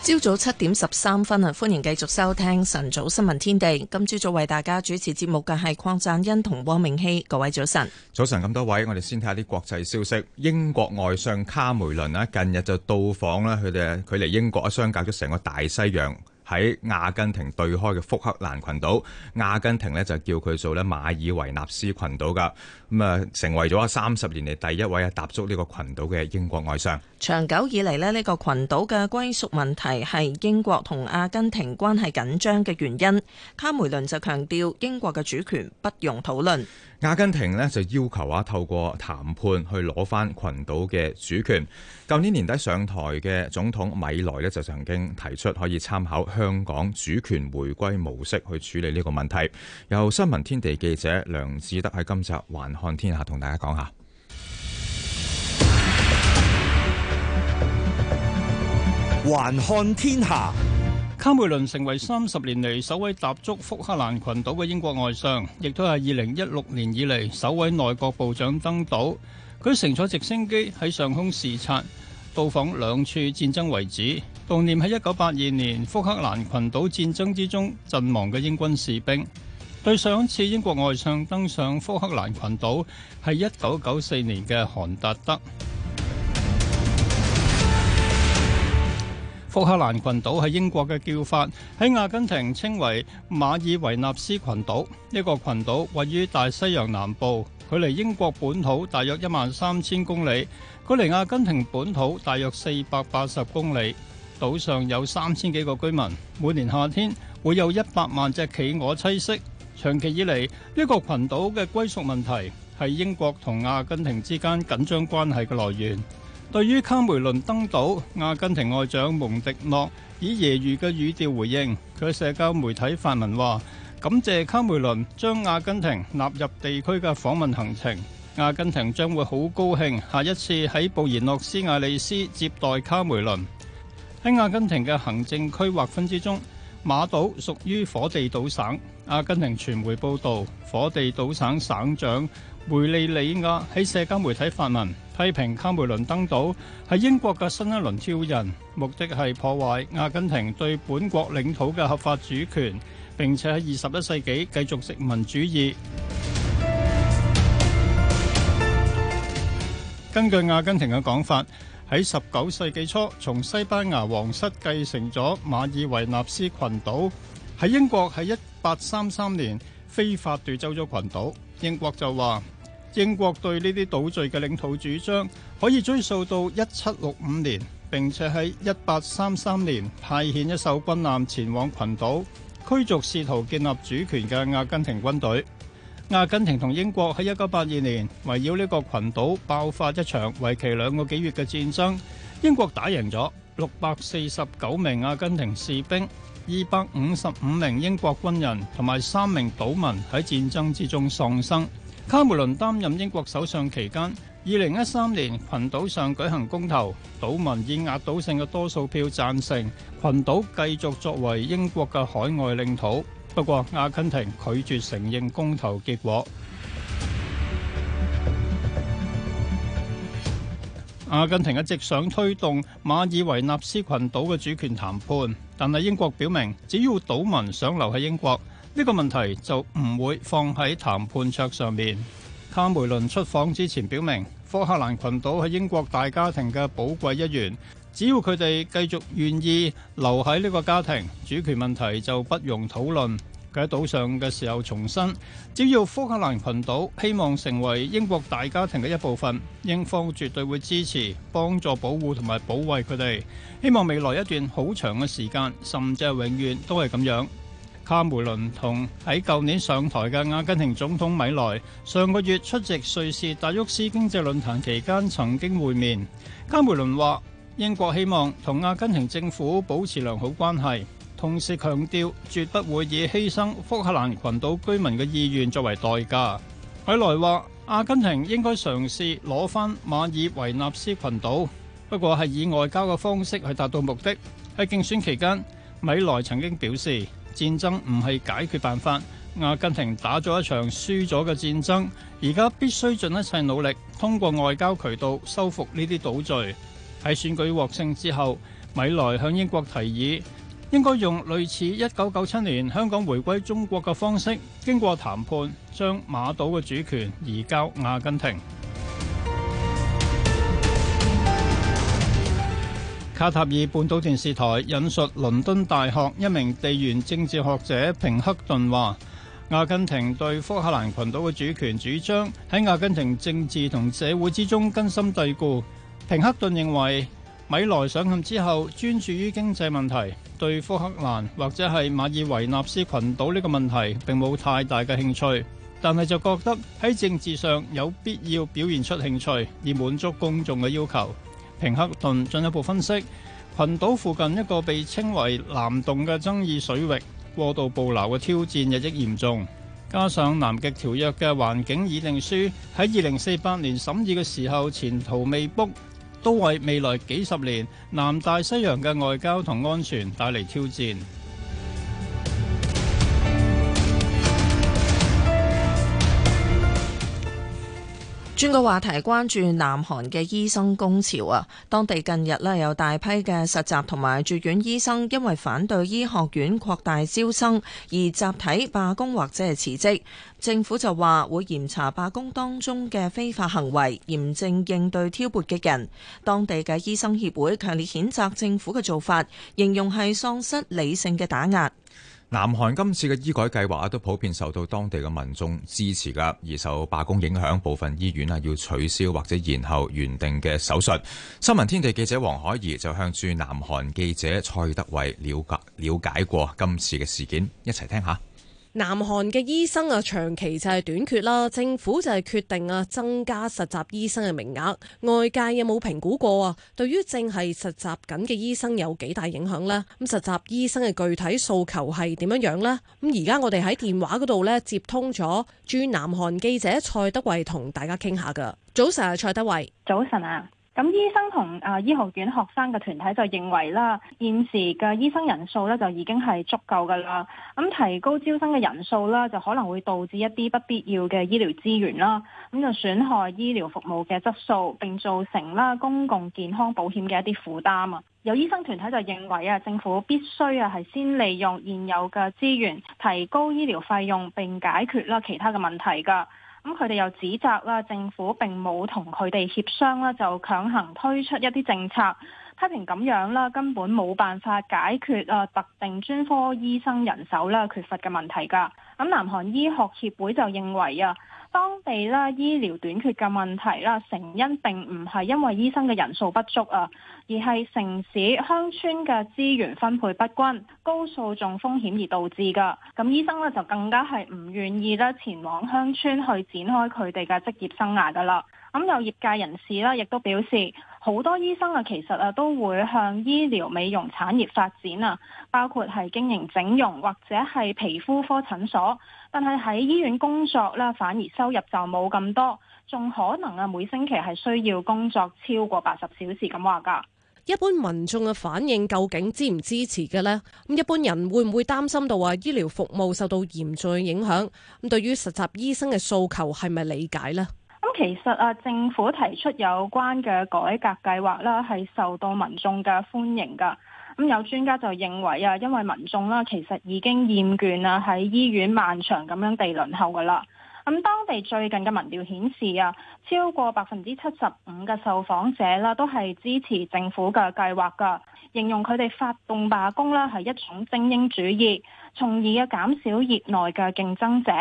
朝早七點十三分啊，歡迎繼續收聽晨早新聞天地。今朝早為大家主持節目嘅係鄺讚恩同汪明熙。各位早晨。早晨咁多位，我哋先睇下啲國際消息。英國外相卡梅倫啊，近日就到訪啦，佢哋距離英國啊，相隔咗成個大西洋。喺阿根廷對開嘅福克蘭群島，阿根廷呢就叫佢做咧馬爾維納斯群島㗎，咁啊成為咗三十年嚟第一位啊踏足呢個群島嘅英國外相。長久以嚟呢，呢個群島嘅歸屬問題係英國同阿根廷關係緊張嘅原因。卡梅倫就強調英國嘅主權不容討論。阿根廷呢就要求啊透過談判去攞返群島嘅主權。舊年年底上台嘅總統米萊呢就曾經提出可以參考香港主權回歸模式去處理呢個問題。由新聞天地記者梁智德喺今集《橫看天下》同大家講下，《橫看天下》。卡梅倫成為三十年嚟首位踏足福克蘭群島嘅英國外相，亦都係二零一六年以嚟首位內閣部長登島。佢乘坐直升機喺上空視察，到訪兩處戰爭遺址，悼念喺一九八二年福克蘭群島戰爭之中陣亡嘅英軍士兵。對上次英國外相登上福克蘭群島係一九九四年嘅韓達德。福克蘭群島係英國嘅叫法，喺阿根廷稱為馬爾維納斯群島。呢個群島位於大西洋南部，距離英國本土大約一萬三千公里，距離阿根廷本土大約四百八十公里。島上有三千幾個居民，每年夏天會有一百萬隻企鵝棲息。長期以嚟，呢個群島嘅歸屬問題係英國同阿根廷之間緊張關係嘅來源。對於卡梅倫登島，阿根廷外長蒙迪諾以揶揄嘅語調回應，佢社交媒體發文話：感謝卡梅倫將阿根廷納入地區嘅訪問行程，阿根廷將會好高興下一次喺布宜諾斯艾利斯接待卡梅倫。喺阿根廷嘅行政區劃分之中，馬島屬於火地島省。阿根廷傳媒報導，火地島省省長梅利里亞喺社交媒體發文，批評卡梅倫登島係英國嘅新一輪挑釁，目的係破壞阿根廷對本國領土嘅合法主權，並且喺二十一世紀繼續殖民主義。 根據阿根廷嘅講法，喺十九世紀初，從西班牙皇室繼承咗馬爾維納斯群島，喺英國喺一八三三年非法奪走咗群島，英國就話。英國對呢啲島嶼嘅領土主張可以追溯到一七六五年，並且喺一八三三年派遣一艘軍艦前往群島驅逐試圖建立主權嘅阿根廷軍隊。阿根廷同英國喺一九八二年圍繞呢個群島爆發一場為期兩個幾月嘅戰爭，英國打贏咗。六百四十九名阿根廷士兵，二百五十五名英國軍人同埋三名島民喺戰爭之中喪生。卡梅倫擔任英國首相期間 ,2013 年，群島上舉行公投，島民以壓倒性嘅多數票贊成，群島繼續作為英國嘅海外領土，不過，阿根廷拒絕承認公投結果。阿根廷一直想推動馬爾維納斯群島嘅主權談判，但係英國表明，只要島民想留喺英國，呢個問題就唔會放喺談判桌上面。卡梅倫出訪之前表明，福克蘭群島係英國大家庭嘅寶貴一員。只要佢哋繼續願意留喺呢個家庭，主權問題就不容討論。佢喺島上嘅時候重申，只要福克蘭群島希望成為英國大家庭嘅一部分，英方絕對會支持、幫助、保護同埋保衛佢哋。希望未來一段好長嘅時間，甚至係永遠都係咁樣。卡梅倫同喺舊年上台嘅阿根廷總統米萊上個月出席瑞士達沃斯經濟論壇期間曾經會面。卡梅倫話：英國希望同阿根廷政府保持良好關係，同時強調絕不會以犧牲福克蘭群島居民嘅意願作為代價。米萊話：阿根廷應該嘗試攞翻馬爾維納斯群島，不過係以外交嘅方式去達到目的。喺競選期間，米萊曾經表示。戰爭唔係解決辦法，阿根廷打咗一場輸咗嘅戰爭，而家必須盡一切努力，通過外交渠道收復呢啲島嶼。喺選舉獲勝之後，米萊向英國提議，應該用類似一九九七年香港回歸中國嘅方式，經過談判將馬島嘅主權移交阿根廷。卡塔爾半島電視台引述倫敦大學一名地緣政治學者平克頓話，阿根廷對福克蘭群島嘅主權主張喺阿根廷政治同社會之中根深蒂固。平克頓認為，米萊上任之後專注於經濟問題，對福克蘭或者係馬爾維納斯群島呢個問題並冇太大嘅興趣，但係就覺得喺政治上有必要表現出興趣，以滿足公眾嘅要求。平克頓進一步分析，群島附近一個被稱為南洞嘅爭議水域，過度捕撈嘅挑戰日益嚴重，加上《南極條約》嘅環境議定書喺二零四八年審議嘅時候前途未卜，都為未來幾十年南大西洋嘅外交同安全帶嚟挑戰。轉個話題，關注南韓嘅醫生工潮啊！當地近日呢，有大批嘅實習同埋住院醫生，因為反對醫學院擴大招生而集體罷工或者係辭職。政府就話會嚴查罷工當中嘅非法行為，嚴正應對挑撥嘅人。當地嘅醫生協會強烈譴責政府嘅做法，形容係喪失理性嘅打壓。南韓今次嘅醫改計劃啊，都普遍受到當地嘅民眾支持噶，而受罷工影響，部分醫院啊要取消或者延後原定嘅手術。新聞天地記者黃海怡就向駐南韓記者蔡德偉了解了解過今次嘅事件，一齊聽下。南韓嘅醫生啊，長期就係短缺啦，政府就係決定啊增加實習醫生嘅名額。外界有冇評估過啊？對於正係實習緊嘅醫生有幾大影響呢？咁實習醫生嘅具體訴求係點樣樣呢？咁而家我哋喺電話嗰度咧接通咗駐南韓記者蔡德偉同大家傾下噶。早晨，蔡德，早晨啊，蔡德偉。早晨啊。咁醫生同啊醫學院學生嘅團體就認為啦，現時嘅醫生人數咧就已經係足夠㗎喇。咁提高招生嘅人數啦，就可能會導致一啲不必要嘅醫療資源啦，咁就損害醫療服務嘅質素，並造成啦公共健康保險嘅一啲負擔啊。有醫生團體就認為啊，政府必須啊係先利用現有嘅資源，提高醫療費用，並解決啦其他嘅問題㗎。咁佢哋又指責啦，政府並冇同佢哋協商啦，就強行推出一啲政策，批評咁樣啦，根本冇辦法解決啊特定專科醫生人手啦缺乏嘅問題㗎。咁南韓醫學協會就認為啊，當地啦醫療短缺嘅問題啦，成因並唔係因為醫生嘅人數不足啊，而係城市鄉村嘅資源分配不均、高訴訟風險而導致㗎。咁醫生咧就更加係唔願意咧前往鄉村去展開佢哋嘅職業生涯噶啦。咁有業界人士啦，亦都表示好多醫生啊，其實啊都會向醫療美容產業發展啊，包括係經營整容或者係皮膚科診所。但係喺醫院工作啦，反而收入就冇咁多，仲可能啊每星期係需要工作超過八十小時咁話㗎。一般民眾嘅反應究竟支唔支持嘅呢？咁一般人會唔會擔心到話醫療服務受到嚴重影響？咁對於實習醫生嘅訴求係咪理解呢？其實啊，政府提出有關嘅改革計劃啦，係受到民眾嘅歡迎㗎。咁有專家就認為啊，因為民眾啦，其實已經厭倦啦喺醫院漫長咁樣地輪候㗎喇。咁當地最近嘅民調顯示啊，超過百分之七十五嘅受訪者啦，都係支持政府嘅計劃㗎。形容佢哋發動罷工啦，係一種精英主義，從而啊減少業內嘅競爭者。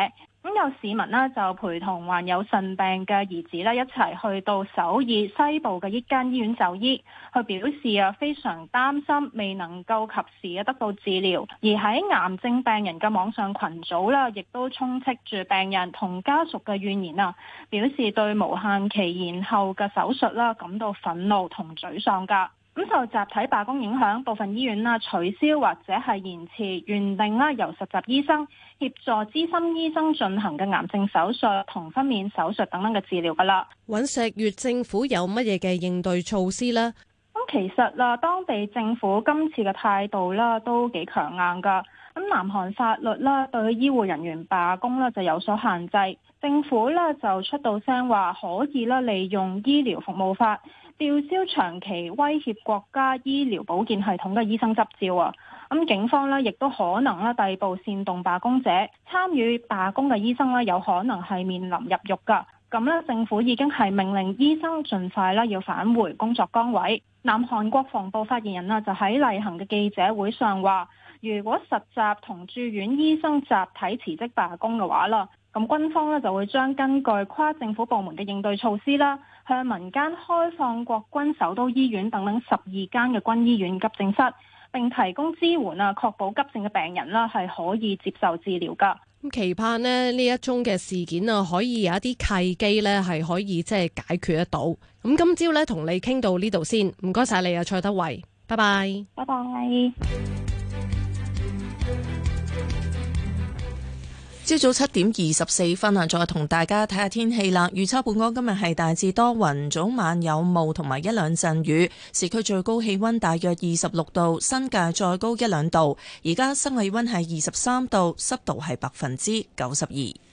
咁有市民呢就陪同患有腎病嘅兒子呢一齊去到首爾西部嘅一間醫院就醫，佢表示啊非常擔心未能夠及時啊得到治療，而喺癌症病人嘅網上群組呢，亦都充斥住病人同家屬嘅怨言啊，表示對無限期延後嘅手術啦感到憤怒同沮喪噶。咁受集體罷工影響，部分醫院啦取消或者係延遲原定啦由實習醫生協助資深醫生進行嘅癌症手術同分娩手術等等嘅治療噶啦。尹錫悅政府有乜嘢嘅應對措施呢？咁其實啊，當地政府今次嘅態度啦都幾強硬噶。咁南韓法律啦，對醫護人員罷工啦就有所限制。政府咧就出到聲話，可以啦利用醫療服務法吊銷長期威脅國家醫療保健系統嘅醫生執照啊！咁警方咧亦都可能咧逮捕煽動罷工者參與罷工嘅醫生咧，有可能係面臨入獄噶。咁咧政府已經係命令醫生盡快咧要返回工作崗位。南韓國防部發言人啊，就喺例行嘅記者會上話。如果實習同住院醫生集體辭職罷工嘅話啦，咁軍方呢就會將根據跨政府部門嘅應對措施啦，向民間開放國軍首都醫院等等十二間嘅軍醫院急症室，並提供支援啊，確保急症嘅病人啦係可以接受治療噶。咁期盼呢呢一宗嘅事件啊，可以有一啲契機呢係可以即係解決得到。咁今朝呢，同你傾到呢度先，唔該晒，你啊，蔡德慧，拜拜，拜拜。朝早七點二十四分啊，再同大家睇下天氣啦。預測本港今日係大致多雲，早晚有霧同埋一兩陣雨。市區最高氣溫大約二十六度，新界再高一兩度。而家室外溫係二十三度，濕度係百分之九十二。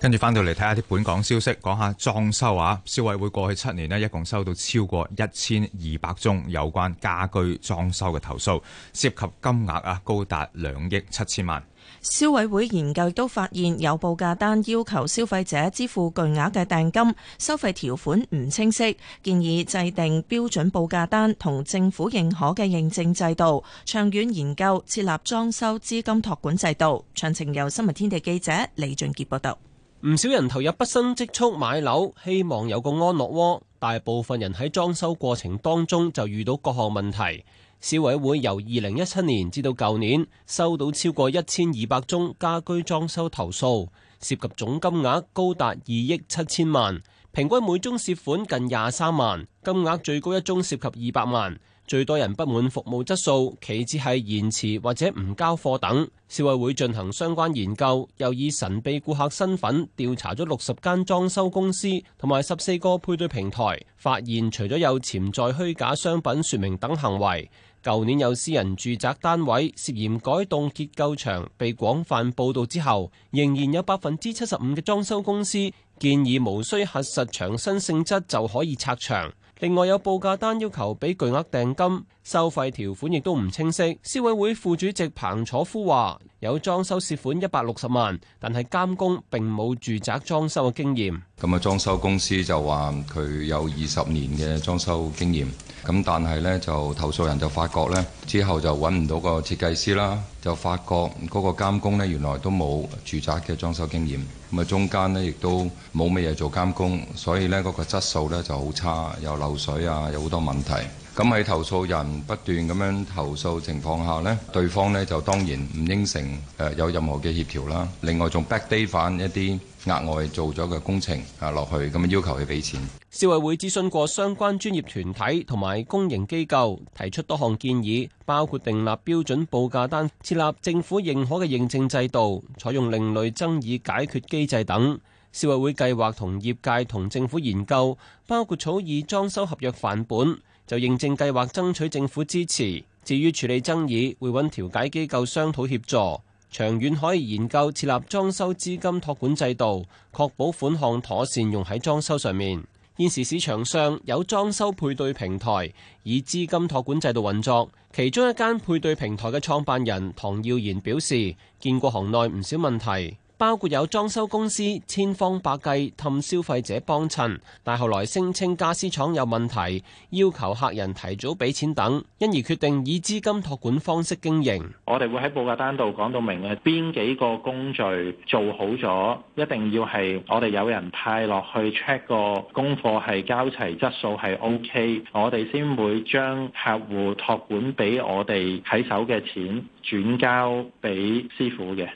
跟住翻到嚟睇下啲本港消息，講下裝修啊。消委會過去七年咧，一共收到超過一千二百宗有關家居裝修嘅投訴，涉及金額啊高達兩億七千萬。消委會研究都發現，有報價單要求消費者支付巨額嘅訂金，收費條款唔清晰，建議制定標準報價單同政府認可嘅認證制度。長遠研究設立裝修資金託管制度。詳情由新聞天地記者李俊杰報道。唔少人投入畢生積蓄買樓，希望有個安樂窩，大部分人喺裝修過程當中就遇到各項問題。消委會由二零一七年至到舊年，收到超過一千二百宗家居裝修投訴，涉及總金額高達二億七千萬，平均每宗涉款近廿三萬，金額最高一宗涉及二百萬。最多人不滿，服務質素，其次係延遲或者唔交貨等。消委會進行相關研究，又以神秘顧客身份調查咗六十間裝修公司同埋十四個配對平台，發現除咗有潛在虛假商品說明等行為，舊年有私人住宅單位涉嫌改動結構牆被廣泛報道之後，仍然有百分之七十五嘅裝修公司建議無需核實牆身性質就可以拆牆。另外有報價單要求俾巨額訂金，收費條款亦都唔清晰。消委會副主席彭楚夫話。有裝修涉款一百六十萬，但係監工並冇住宅裝修嘅經驗。咁啊，裝修公司就話佢有二十年嘅裝修經驗。咁但係呢，就投訴人就發覺呢，之後就揾唔到個設計師啦，就發覺嗰個監工呢，原來都冇住宅嘅裝修經驗。咁啊，中間呢，亦都冇乜嘢做監工，所以呢，嗰個質素呢就好差，有漏水啊，有好多問題。咁喺投訴人不斷咁樣投訴情況下呢，對方呢就當然唔應承誒，有任何嘅協調啦。另外仲 backdate 返一啲額外做咗嘅工程啊落去，咁要求佢俾錢。消委會諮詢過相關專業團體同埋公營機構，提出多項建議，包括訂立標準報價單、設立政府認可嘅認證制度、採用另類爭議解決機制等。消委會計劃同業界同政府研究，包括草擬裝修合約範本。就認證計劃爭取政府支持，至於處理爭議，會揾調解機構商討協助。長遠可以研究設立裝修資金託管制度，確保款項妥善用喺裝修上面。現時市場上有裝修配對平台，以資金託管制度運作。其中一間配對平台嘅創辦人唐耀賢表示，見過行內唔少問題。包括有裝修公司千方百計氹消費者幫襯，但後來聲稱家私廠有問題，要求客人提早俾錢等，因而決定以資金托管方式經營。 我哋會喺報價單度講到明嘅邊 幾個工序做好咗，一定要係我哋有人派落去 check 個功課係交齊、質素係 OK，我哋先會將客戶托管俾我哋喺手嘅錢轉交俾師傅嘅。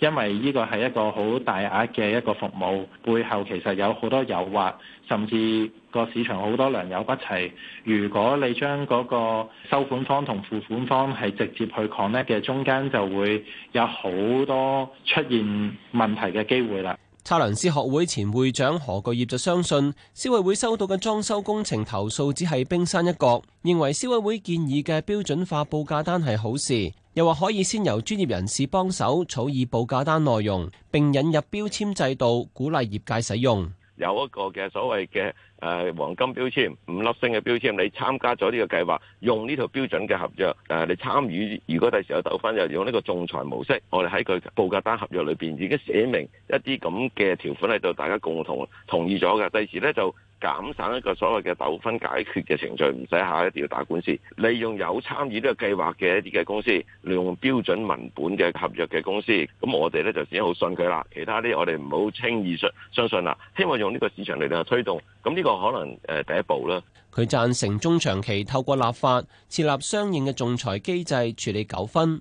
因為呢個係一個好大額嘅一個服務，背後其實有好多誘惑，甚至個市場好多良莠不齊。如果你將嗰個收款方同付款方係直接去 connect 嘅，中間就會有好多出現問題嘅機會啦。測量師學會前會長何鉅業就相信，消委會收到嘅裝修工程投訴只係冰山一角，認為消委會建議嘅標準化報價單係好事，又話可以先由專業人士幫手草擬報價單內容，並引入標籤制度，鼓勵業界使用。有一個嘅所謂嘅誒黃金標籤五粒星嘅標籤，你參加咗呢個計劃，用呢條標準嘅合約，誒、呃、你參與，如果第時有糾紛，又用呢個仲裁模式，我哋喺佢報價單合約裏邊已經寫明一啲咁嘅條款喺度，大家共同同意咗嘅。第時咧就，減省一個所謂嘅糾紛解決嘅程序，唔使下一定要打官司。利用有參與呢個計劃嘅一啲嘅公司，利用標準文本嘅合約嘅公司，咁我哋咧就先好信佢啦。其他啲我哋唔好輕易信相信啦。希望用呢個市場力量推動，咁呢個可能誒第一步啦。佢贊成中長期透過立法設立相應嘅仲裁機制處理糾紛。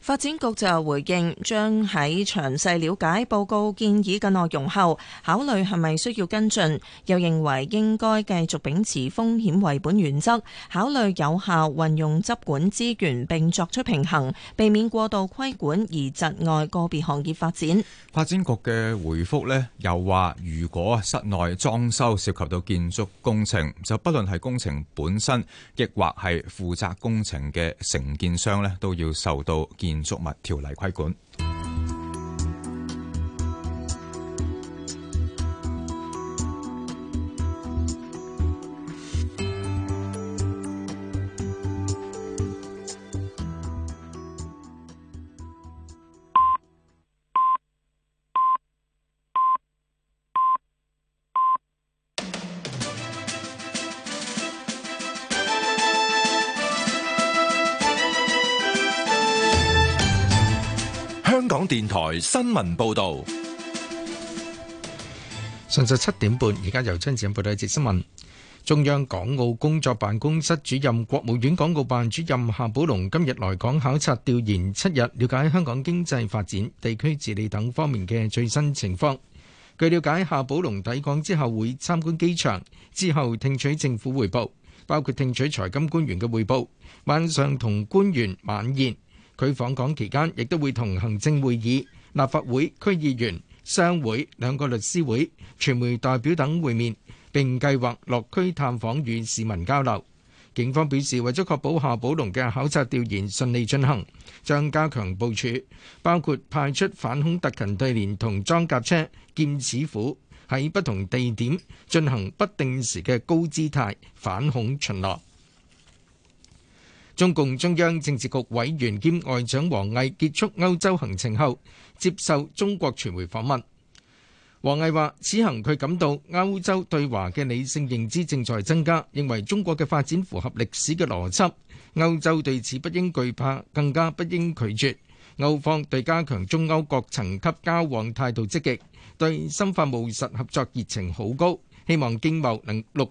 發展局就回應，將喺詳細了解報告建議嘅內容後，考慮係咪需要跟進，又認為應該繼續秉持風險為本原則，考慮有效運用執管資源並作出平衡，避免過度規管而窒礙個別行業發展。發展局嘅回覆咧，又話如果室內裝修涉及到建築工程，就不論係工程本身，亦或係負責工程嘅承建商咧，都要受到建築物條例規管。 新聞報導。上晝七點半，而家由親子報道一節新聞。中央港澳工作辦公室主任、國務院港澳辦主任夏寶龍今日來港考察調研七日，了解香港經濟發展、地區治理等方面嘅最新情況。據瞭解，夏寶龍抵港之後會參觀機場，之後聽取政府彙報，包括聽取財金官員嘅彙報。晚上同官員晚宴。佢訪港期間亦都會同行政會議、立法會、區議員、商會、兩個律師會、傳媒代表等會面，並計劃落區探訪與市民交流。警方表示，為咗確保夏寶龍嘅考察調研順利進行，將加強部署，包括派出反恐特勤隊，連同裝甲車、劍齒虎喺不同地點進行不定時嘅高姿態反恐巡邏。中共中央政治局委員兼外長王毅結束歐洲行程後，接受中國傳媒訪問。王毅話：此行佢感到歐洲對華嘅理性認知正在增加，認為中國嘅發展符合歷史嘅邏輯。歐洲對此不應懼怕，更加不應拒絕。歐方對加強中歐各層級交往態度積極，對深化務實合作熱情好高，希望經貿能陸。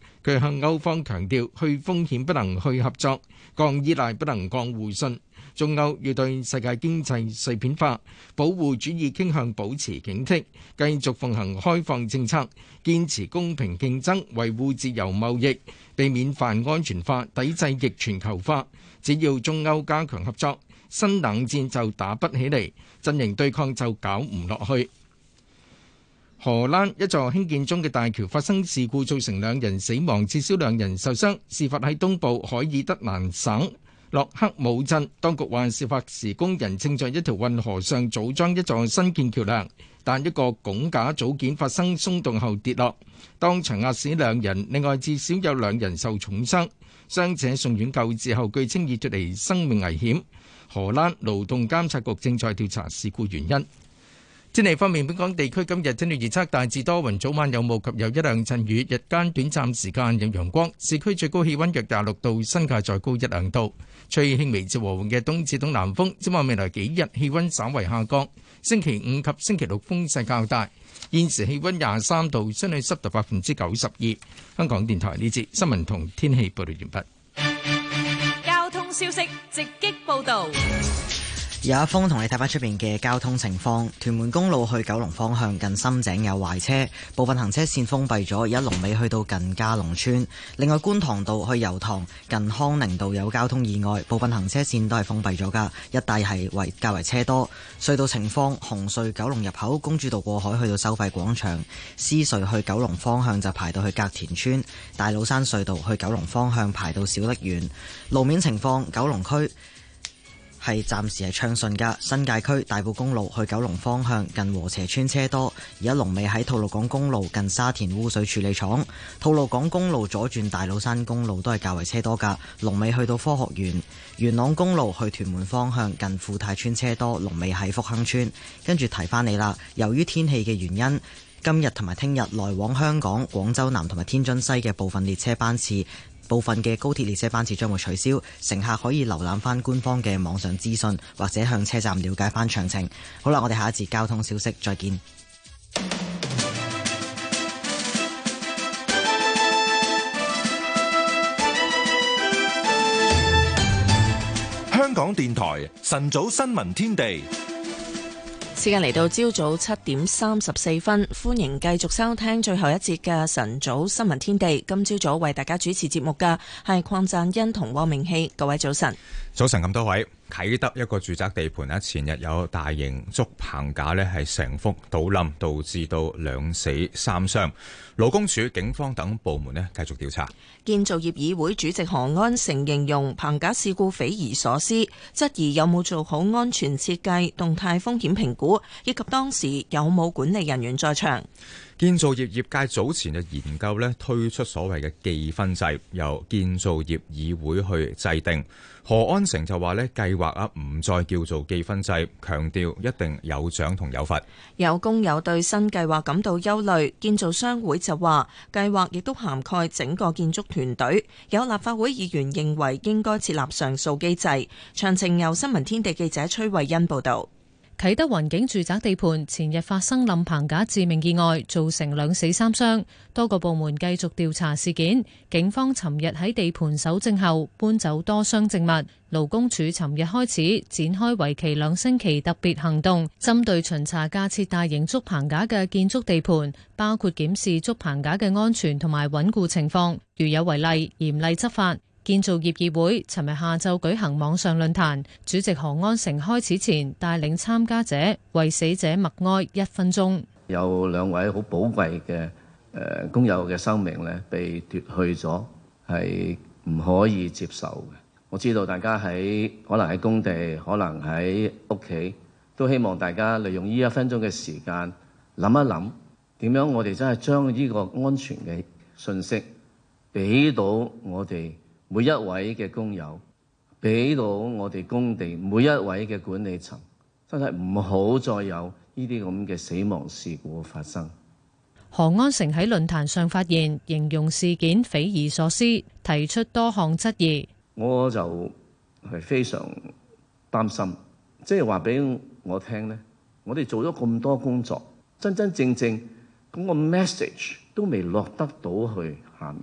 佢向歐方強調，去風險不能去合作，降依賴不能降互信。中歐要對世界經濟碎片化、保護主義傾向保持警惕，繼續奉行開放政策，堅持公平競爭，維護自由貿易，避免泛安全化、抵制逆全球化。只要中歐加強合作，新冷戰就打不起嚟，陣營對抗就搞唔落去。荷蘭一座興建中嘅大橋發生事故，造成兩人死亡，至少兩人受傷。事發喺東部海爾德蘭省洛克姆鎮，當局話事發時工人正在一條運河上組裝一座新建橋梁，但一個拱架組件發生鬆動後跌落，當場壓死兩人。另外至少有兩人受重傷，傷者送院救治後，據稱已脱離生命危險。荷蘭勞動監察局正在調查事故原因。天氣方面，本港地區今日天氣預測大致多雲，早晚有霧及有一兩陣雨，日間短暫時間有陽光。市區最高氣溫約廿六度，新界再高一兩度。吹輕微至和緩嘅東至東南風。展望未來幾日氣溫稍為下降，星期五及星期六風勢較大。現時氣溫廿三度，相對濕度百分之九十二。香港電台呢節新聞同天氣報道完畢。交通消息直擊報道。有一分鐘同你睇返出面嘅交通情況，屯門公路去九龍方向近深井有壞車，部分行車線封閉咗，而家龍尾去到近家龍村。另外，觀塘道去油塘近康寧道有交通意外，部分行車線都係封閉咗㗎，一帶係為較為車多。隧道情況，紅隧九龍入口公主道過海去到收費廣場，獅隧去九龍方向就排到去隔田村，大老山隧道去九龍方向排到小瀝源。路面情況，九龍區。係暫時係暢順噶，新界區大埔公路去九龍方向近禾輋邨車多；而家龍尾喺吐露港公路近沙田污水處理廠，吐露港公路左轉大老山公路都係較為車多噶。龍尾去到科學園，元朗公路去屯門方向近富泰村車多，龍尾喺福亨村，跟住提翻你啦。由於天氣嘅原因，今日同埋聽日來往香港、廣州南同埋天津西嘅部分列車班次。部分嘅高鐵列車班次將會取消，乘客可以瀏覽返官方嘅網上資訊，或者向車站了解返詳情。好啦，我哋下一節交通消息，再見。香港電台晨早新聞天地。時間嚟到朝早七點三十四分，歡迎繼續收聽最後一節嘅晨早新聞天地。今朝早為大家主持節目嘅係鄺贊恩同汪明希，各位早晨，早晨咁多位。啟德一個住宅地盤咧，前日有大型竹棚架咧，係成幅倒冧，導致到兩死三傷。勞工署、警方等部門咧，繼續調查。建造業議會主席何安成形容棚架事故匪夷所思，質疑有冇做好安全設計、動態風險評估，以及當時有冇管理人員在場。建造業業界早前嘅研究咧，推出所謂嘅記分制，由建造業議會去制定。何安成就話咧，計劃啊，唔再叫做記分制，強調一定有獎同有罰。有工友對新計劃感到憂慮，建造商會就話計劃亦都涵蓋整個建築團隊。有立法會議員認為應該設立上訴機制。詳情由新聞天地記者崔慧欣報道。啟德雲境住宅地盤前日發生冧棚架致命意外，造成兩死三傷。多個部門繼續調查事件。警方尋日喺地盤搜證後，搬走多箱證物。勞工處尋日開始展開為期兩星期特別行動，針對巡查架設大型竹棚架嘅建築地盤，包括檢視竹棚架嘅安全同埋穩固情況，如有違例，嚴厲執法。建造業議會尋日下晝舉行網上論壇，主席何安成開始前帶領參加者為死者默哀一分鐘。有兩位好寶貴嘅誒工友嘅生命咧，被奪去咗，係唔可以接受嘅。我知道大家喺可能喺工地，可能喺屋企，都希望大家利用呢一分鐘嘅時間諗一諗點樣，我哋真係將呢個安全嘅信息俾到我哋。每一位嘅工友，俾到我哋工地每一位嘅管理層，真係唔好再有呢啲咁嘅死亡事故發生。何安成喺論壇上發言，形容事件匪夷所思，提出多項質疑。我就係非常擔心，即係話俾我聽咧，我哋做咗咁多工作，真真正正咁個 message 都未落得到去下面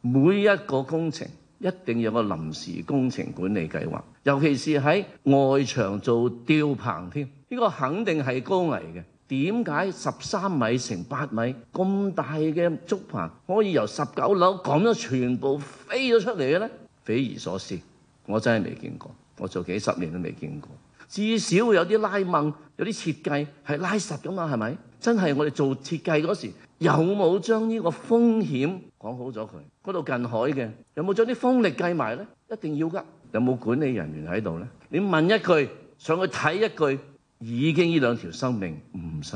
每一個工程。一定有個臨時工程管理計劃，尤其是喺外牆做吊棚添，呢個肯定係高危嘅。點解十三米乘八米咁大嘅竹棚可以由十九樓咁樣全部飛咗出嚟嘅咧？匪夷所思，我真係未見過，我做幾十年都未見過，至少有啲拉掹，有啲設計係拉實嘅嘛，係咪？真係我哋做設計嗰時，有冇將呢個風險。講好咗佢，嗰度近海嘅有冇將啲風力計埋呢？一定要噶。有冇管理人員喺度呢？你問一句，上去睇一句，已經呢兩條生命唔使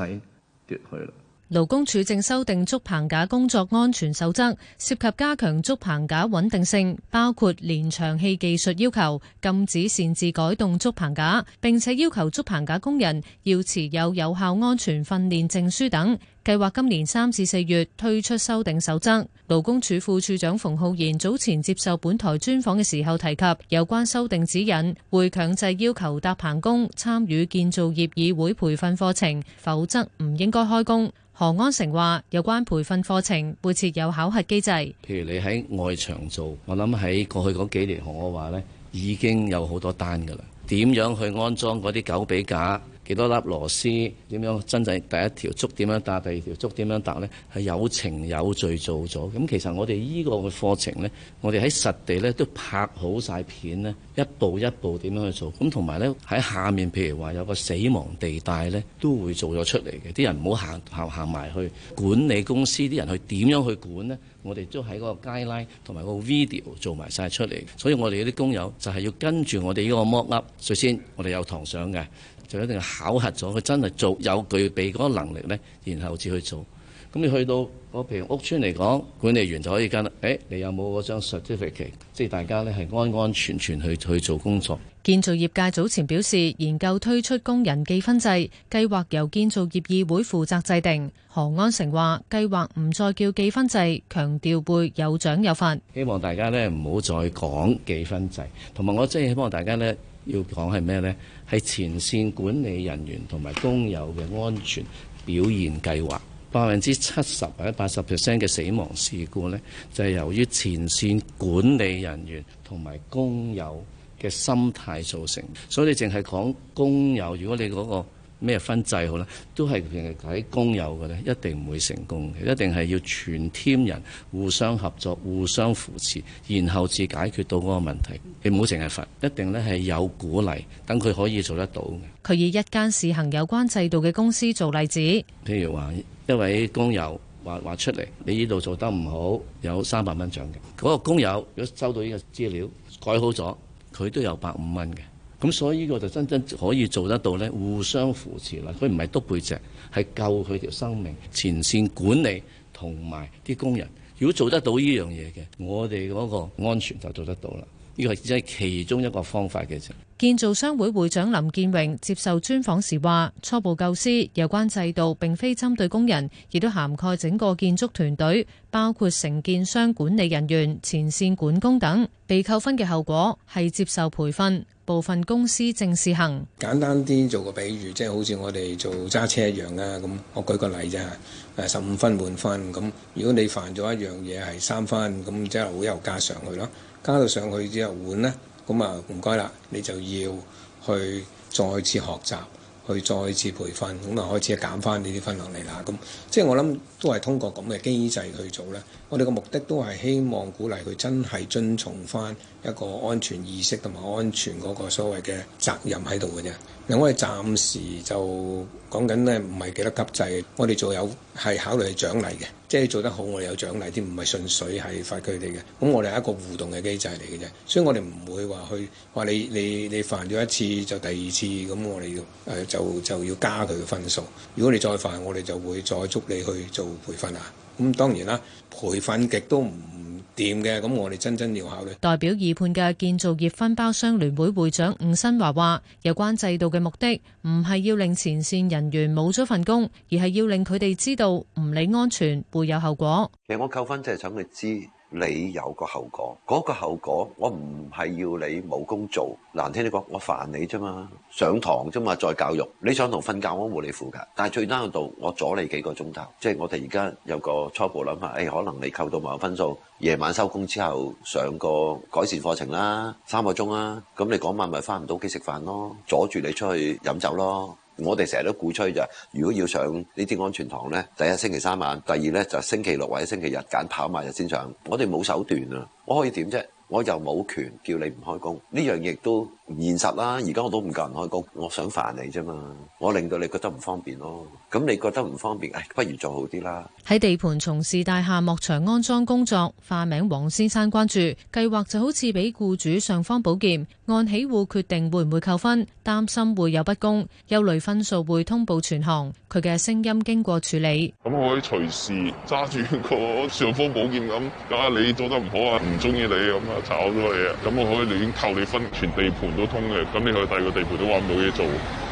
奪去啦。勞工處正修訂竹棚架工作安全守則，涉及加強竹棚架穩定性，包括連牆器技術要求，禁止擅自改動竹棚架，並且要求竹棚架工人要持有有效安全訓練證書等。計劃今年三至四月推出修訂守則。勞工處副處長馮浩然早前接受本台專訪嘅時候提及，有關修訂指引會強制要求搭棚工參與建造業議會培訓課程，否則唔應該開工。何安成話，有關培訓課程會設有考核機制。譬如你喺外牆做，我諗喺過去嗰幾年我話呢已經有好多單噶啦。點樣去安裝嗰啲狗臂架？幾多粒螺絲點樣？真正第一條竹點樣搭？第二條竹點樣搭呢？係有情有罪做咗咁。其實我哋呢個嘅課程呢，我哋喺實地呢都拍好晒片呢，一步一步點樣去做咁。同埋呢，喺下面，譬如話有個死亡地帶呢，都會做咗出嚟嘅。啲人唔好行行埋去，管理公司啲人去點樣去管呢？我哋都喺嗰個 guideline 同埋個 video 做埋晒出嚟，所以我哋啲工友就係要跟住我哋呢個 Mock Up。首先我哋有堂上嘅。就一定要考核咗，佢真係做有具備嗰個能力咧，然後至去做。咁你去到嗰譬如屋邨嚟講，管理員就可以跟啦。誒、哎，你有冇嗰張 certificate？即係大家咧係安安全全去去做工作。建造業界早前表示，研究推出工人記分制，計劃由建造業議會負責制定。何安成話，計劃唔再叫記分制，強調會有獎有罰。希望大家咧唔好再講記分制，同埋我真係希望大家咧。要講係咩呢？係前線管理人員同埋工友嘅安全表現計劃，百分之七十或者八十 percent 嘅死亡事故呢，就係由於前線管理人員同埋工友嘅心態造成。所以你淨係講工友，如果你嗰個咩分制好啦，都係平日喺工友嘅咧，一定唔會成功嘅，一定係要全 team 人互相合作、互相扶持，然後至解決到嗰個問題。你唔好成日罰，一定咧係有鼓勵，等佢可以做得到嘅。佢以一間試行有關制度嘅公司做例子，譬如話一位工友話話出嚟，你呢度做得唔好，有三百蚊獎嘅。嗰個工友如果收到呢個資料改好咗，佢都有百五蚊嘅。咁所以呢個就真真可以做得到呢，互相扶持啦。佢唔係篤背脊，係救佢條生命、前線管理同埋啲工人。如果做得到呢樣嘢嘅，我哋嗰個安全就做得到啦。呢個係其中一個方法嘅啫。建造商會會長林建榮接受專訪時話，初步構思有關制度並非針對工人，亦都涵蓋整個建築團隊，包括承建商管理人員、前線管工等。被扣分嘅後果係接受培訓，部分公司正試行。簡單啲做個比喻，即係好似我哋做揸車一樣啊。咁我舉個例啫。誒，十五分滿分咁，如果你犯咗一樣嘢係三分，咁即係好有加上去咯。加到上去之後換咧，咁啊唔該啦，你就要去再次學習，去再次培訓，咁啊開始減翻呢啲分落嚟啦。咁即係我諗都係通過咁嘅機制去做咧。我哋嘅目的都係希望鼓勵佢真係遵從返一個安全意識同埋安全嗰個所謂嘅責任喺度嘅啫。嗱，我哋暫時就講緊咧，唔係幾多級制，我哋做有係考慮獎勵嘅，即係做得好，我哋有獎勵啲，唔係純粹係罰佢哋嘅。咁我哋係一個互動嘅機制嚟嘅啫，所以我哋唔會話去話你你你犯咗一次就第二次咁，我哋誒就就要加佢嘅分數。如果你再犯，我哋就會再捉你去做培訓啊。咁當然啦，培訓極都唔掂嘅，咁我哋真真要考慮。代表二判嘅建造業分包商聯會會長吳新華話：有關制度嘅目的，唔係要令前線人員冇咗份工，而係要令佢哋知道唔理安全會有後果。其實我扣分就係想佢知。你有個後果，嗰、那個後果我唔係要你冇工做，難聽啲講，我煩你啫嘛，上堂啫嘛，再教育你上堂瞓覺我冇你負㗎，但係最嬲嗰度我阻你幾個鐘頭，即係我哋而家有個初步諗法：誒、哎、可能你扣到冇分數，夜晚收工之後上個改善課程啦，三個鐘啦。咁你嗰晚咪返唔到屋企食飯咯，阻住你出去飲酒咯。我哋成日都鼓吹就如果要上呢啲安全堂咧，第一星期三晚，第二咧就星期六或者星期日揀跑馬日先上。我哋冇手段啊，我可以點啫？我又冇權叫你唔開工，呢樣亦都。現實啦，而家我都唔夠人開工，我想煩你啫嘛，我令到你覺得唔方便咯。咁你覺得唔方便，唉、哎，不如做好啲啦。喺地盤從事大廈幕牆安裝工作，化名黃先生關注計劃就好似俾僱主尚方寶劍按起戶，決定會唔會扣分，擔心會有不公，憂慮分數會通報全行。佢嘅聲音經過處理。咁我可以隨時揸住個尚方寶劍咁，啊你做得唔好啊，唔中意你咁啊，炒咗你啊，咁我可以亂扣你分，全地盤都通嘅咁，你去第二個地盤都揾唔到嘢做，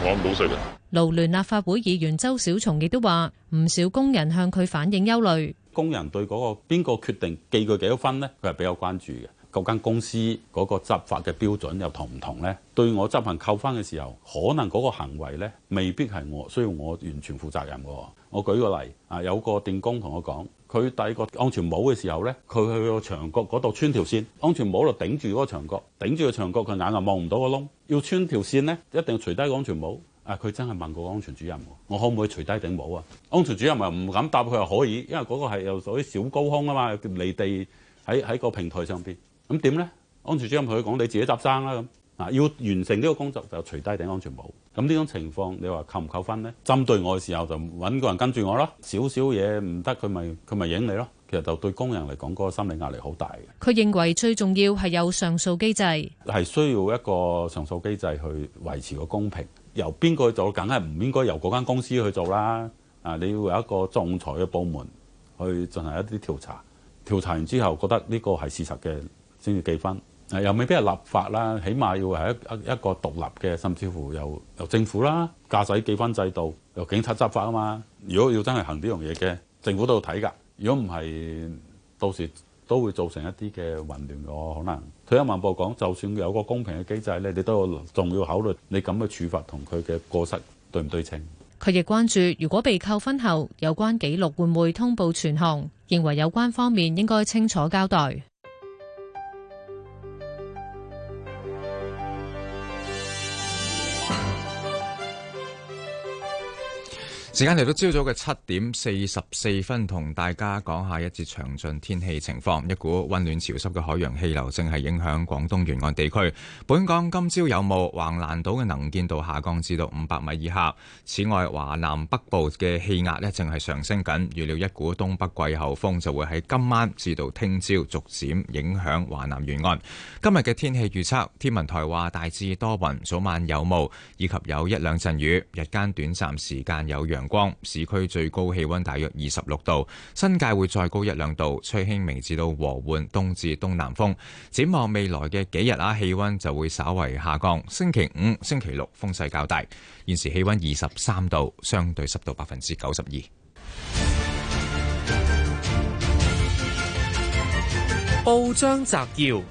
揾唔到食啊！勞聯立法會議員周小松亦都話，唔少工人向佢反映憂慮。工人對嗰個邊個決定記佢幾多分呢？佢係比較關注嘅。嗰間公司嗰個執法嘅標準又同唔同咧？對我執行扣分嘅時候，可能嗰個行為咧未必係我需要我完全負責任嘅。我舉個例啊，有個電工同我講。佢戴個安全帽嘅時候呢，佢去個牆角嗰度穿條線，安全帽就頂住嗰個牆角，頂住個牆角佢眼啊望唔到個窿。要穿條線呢，一定要除低個安全帽。啊，佢真係問過個安全主任，我可唔可以除低頂帽啊？安全主任咪唔敢答佢又可以，因為嗰個係又屬於小高空啊嘛，離地喺喺個平台上邊。咁點呢？安全主任同佢講：你自己搭生啦、啊、咁。嗱，要完成呢個工作就除低頂安全帽。咁呢種情況你話扣唔扣分呢？針對我嘅時候，就揾個人跟住我咯。少少嘢唔得，佢咪佢咪影你咯。其實就對工人嚟講，嗰個心理壓力好大嘅。佢認為最重要係有上訴機制，係需要一個上訴機制去維持個公平。由邊個做，梗係唔應該由嗰間公司去做啦。啊，你要有一個仲裁嘅部門去進行一啲調查，調查完之後覺得呢個係事實嘅，先至記分。又未必係立法啦，起碼要係一一一個獨立嘅，甚至乎由，由政府啦，駕駛記分制度，由警察執法啊嘛。如果要真係行呢樣嘢嘅，政府都要睇噶。如果唔係，到時都會造成一啲嘅混亂嘅可能。退一萬步講，就算有個公平嘅機制咧，你都要仲要考慮你咁嘅處罰同佢嘅過失對唔對稱。佢亦關注，如果被扣分後有關記錄會唔會通報全行？認為有關方面應該清楚交代。時間嚟到朝早嘅七點四十四分，同大家講下一節詳盡天氣情況。一股溫暖潮濕嘅海洋氣流正係影響廣東沿岸地區。本港今朝有霧，橫瀾島嘅能見度下降至到五百米以下。此外，華南北部嘅氣壓呢正係上升緊，預料一股東北季候風就會喺今晚至到聽朝逐漸影響華南沿岸。今日嘅天氣預測，天文台話大致多雲，早晚有霧，以及有一兩陣雨，日間短暫時間有陽陽光，市區最高氣溫大約二十六度，新界會再高一兩度，吹輕微至到和緩東至東南風。展望未來嘅幾日啊，氣溫就會稍為下降。星期五、星期六風勢較大。現時氣溫二十三度，相對濕度百分之九十二。報章摘要。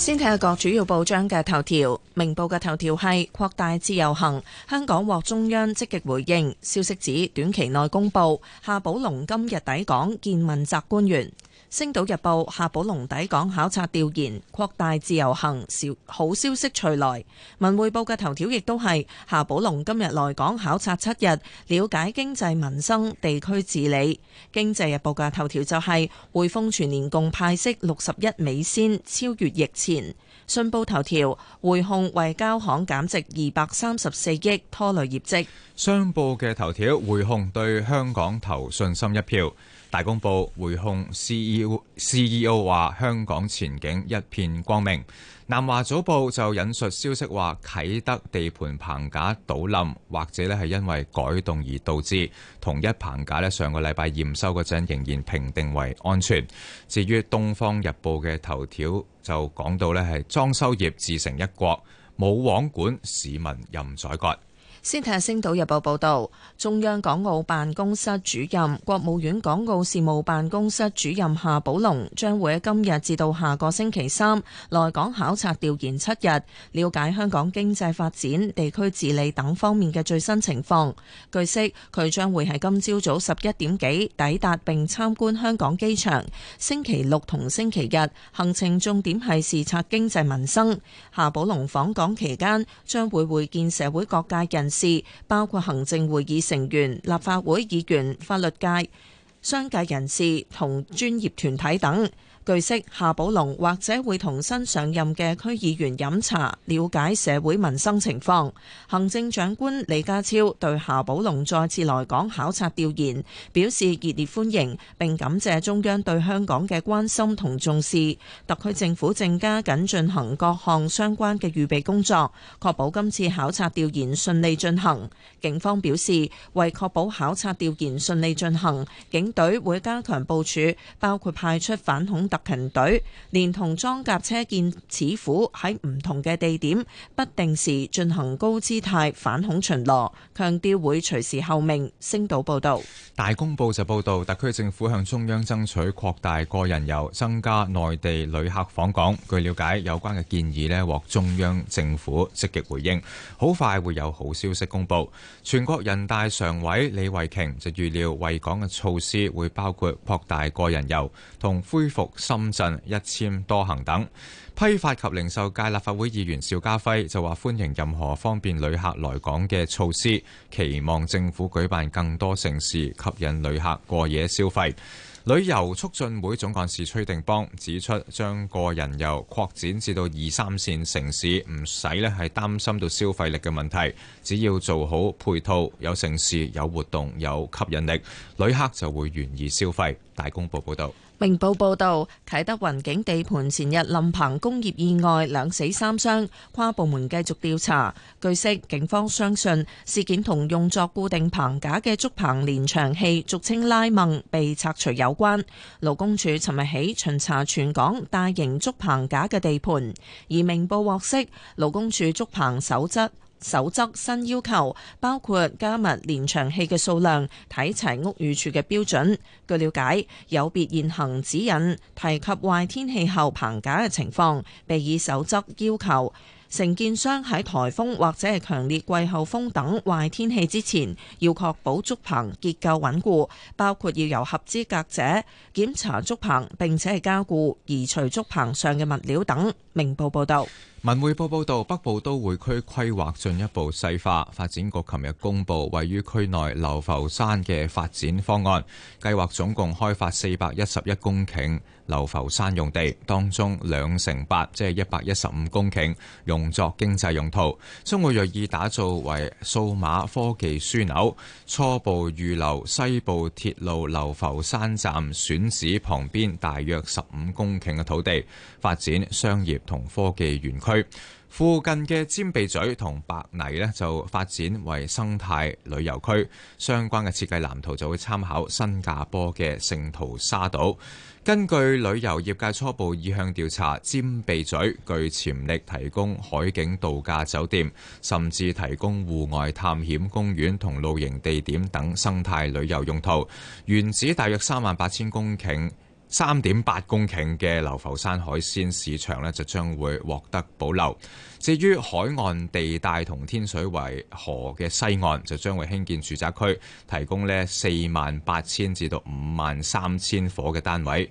先睇下各主要報章嘅頭條。明報嘅頭條係擴大自由行，香港獲中央積極回應。消息指短期內公佈，夏寶龍今日抵港見問責官員。《星島日報》夏寶龍抵港考察調研，擴大自由行。小好消息傳來，文匯報頭條《文匯報》嘅頭條亦都係夏寶龍今日來港考察七日，了解經濟民生、地區治理。《經濟日報條、就是》嘅頭條就係匯豐全年共派息六十一美仙，超越疫前。《信報頭條》頭條匯控為交行減值二百三十四億，拖累業績。《商報》嘅頭條匯控對香港投信心一票。大公報回控 C E O C E O 話，香港前景一片光明。南華早報就引述消息話，啟德地盤棚架倒冧，或者咧係因為改動而導致。同一棚架咧上個禮拜驗收嗰陣仍然評定為安全。至於《東方日報》嘅頭條就講到咧係裝修業自成一國，冇網管，市民任宰割。先睇下《星島日報》報導，中央港澳辦公室主任、國務院港澳事務辦公室主任夏寶龍將會喺今日至到下個星期三來港考察調研七日，了解香港經濟發展、地區治理等方面嘅最新情況。據悉，佢將會喺今朝早十一點幾抵達並參觀香港機場。星期六同星期日行程重點係視察經濟民生。夏寶龍訪港期間將會會見社會各界人事包括行政會議成員、立法會議員、法律界、商界人士同專業團體等。據悉，夏寶龍或者會同新上任嘅區議員飲茶，了解社會民生情況。行政長官李家超對夏寶龍再次來港考察調研表示熱烈歡迎，並感謝中央對香港嘅關心同重視。特區政府正加緊進行各項相關嘅預備工作，確保今次考察調研順利進行。警方表示，為確保考察調研順利進行，警隊會加強部署，包括派出反恐特。群隊連同裝甲車、劍齒虎喺唔同嘅地點不定時進行高姿態反恐巡邏，強調會隨時候命。星島報道，大公報就報道特區政府向中央爭取擴大個人遊，增加內地旅客訪港。據了解，有關嘅建議咧獲中央政府積極回應，好快會有好消息公布。全國人大常委李慧瓊就預料惠港嘅措施會包括擴大個人遊同恢復。深圳一簽多行等批發及零售界立法會議員邵家輝就話歡迎任何方便旅客來港嘅措施，期望政府舉辦更多城市吸引旅客過夜消費。旅遊促進會總幹事崔定邦指出，將個人遊擴展至到二三線城市，唔使咧係擔心到消費力嘅問題，只要做好配套，有城市、有活動、有吸引力，旅客就會願意消費。大公報報道。明報報道，啟德雲景地盤前日冧棚工業意外兩死三傷，跨部門繼續調查。據悉，警方相信事件同用作固定棚架嘅竹棚連牆器，俗稱拉孟，被拆除有關。勞工處尋日起巡查全港大型竹棚架嘅地盤，而明報獲悉勞工處竹棚守則。守則新要求包括加密連牆器嘅數量、睇齊屋宇署嘅標準。據了解，有別現行指引提及壞天氣後棚架嘅情況被以守則要求，承建商喺颱風或者係強烈季候風等壞天氣之前，要確保竹棚結構穩固，包括要由合資格者檢查竹棚並且係加固移除竹棚上嘅物料等。明報報導。文匯報報道，北部都會區規劃進一步細化。發展局琴日公布位於區內流浮山嘅發展方案，計劃總共開發四百一十一公頃。流浮山用地當中兩成八，即係一百一十五公頃，用作經濟用途，將會銳意打造為數碼科技樞紐。初步預留西部鐵路流浮山站選址旁邊大約十五公頃嘅土地，發展商業同科技園區。附近嘅尖鼻咀同白泥呢，就發展為生態旅遊區。相關嘅設計藍圖就會參考新加坡嘅聖淘沙島。根據旅遊業界初步意向調查，尖鼻咀具潛力提供海景度假酒店，甚至提供戶外探險公園同露營地點等生態旅遊用途。原址大約三萬八千公頃、三點八公頃嘅流浮山海鮮市場呢，就將會獲得保留。至於海岸地帶同天水圍河嘅西岸，就將會興建住宅區，提供呢四萬八千至到五萬三千伙嘅單位，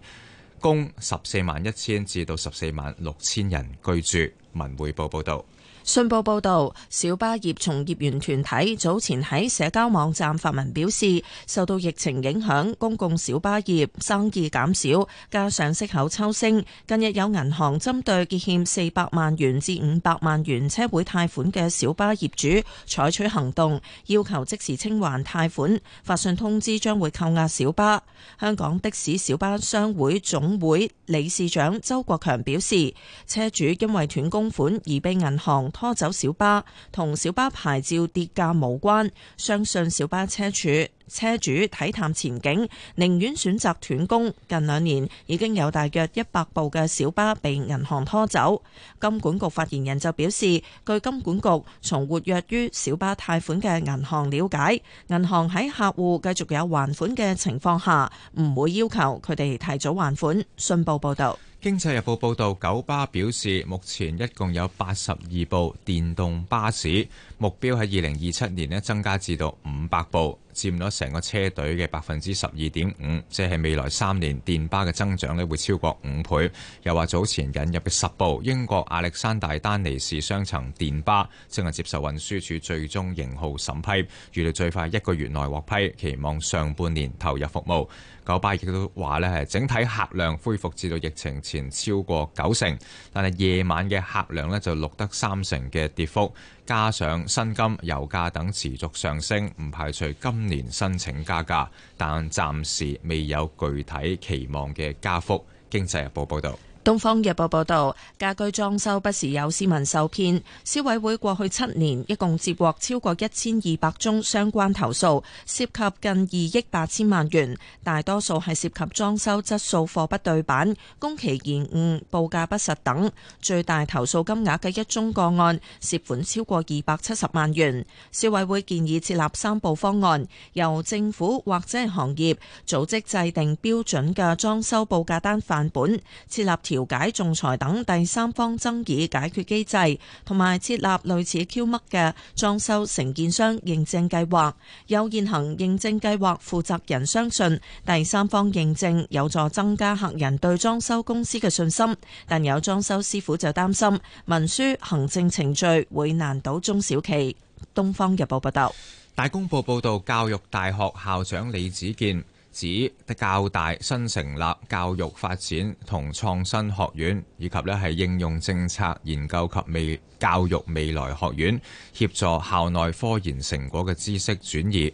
供十四萬一千至到十四萬六千人居住。文匯報報導。信報報導，小巴業從業員團體早前喺社交網站發文表示，受到疫情影響，公共小巴業生意減少，加上息口抽升，近日有銀行針對結欠四百萬元至五百萬元車會貸款嘅小巴業主採取行動，要求即時清還貸款，發信通知將會扣押小巴。香港的士小巴商會總會理事長周國強表示，車主因為斷供款而被銀行拖走小巴同小巴牌照跌價無關，相信小巴車主車主睇淡前景，寧願選擇斷供。近兩年已經有大約一百部嘅小巴被銀行拖走。金管局發言人就表示，據金管局從活躍於小巴貸款嘅銀行了解，銀行喺客戶繼續有還款嘅情況下，唔會要求佢哋提早還款。信報報道。經濟日報報導，九巴表示，目前一共有八十二部電動巴士，目標喺二零二七年咧增加至到五百部，佔咗成個車隊嘅百分之十二點五，即係未來三年電巴嘅增長咧會超過五倍。又話早前引入嘅十部英國亞歷山大丹尼士雙層電巴，正係接受運輸署最終型號審批，預料最快一個月內獲批，期望上半年投入服務。九巴亦都話呢係整體客量恢復至到疫情前超過九成，但係夜晚嘅客量呢就錄得三成嘅跌幅，加上薪金、油價等持續上升，唔排除今年申請加價，但暫時未有具體期望嘅加幅。經濟日報報道。東方日報報道，家居裝修不時有市民受騙，消委會過去七年一共接獲超過一千二百宗相關投訴，涉及近二億八千萬元，大多數係涉及裝修質素、貨不對版、工期延誤、報價不實等。最大投訴金額嘅一宗個案，涉款超過二百七十萬元。消委會建議設立三部方案，由政府或者係行業組織制定標準嘅裝修報價單範本，設立條。調解、仲裁等第三方爭議解決機制，同埋設立類似 Q 乜嘅裝修承建商認證計劃。有現行認證計劃負責人相信，第三方認證有助增加客人對裝修公司嘅信心，但有裝修師傅就擔心文書行政程序會難倒中小企。東方日報報道，大公報報道，教育大學校長李子健。指教大新成立教育發展同創新學院，以及呢係應用政策研究及未教育未來學院，協助校內科研成果嘅知識轉移。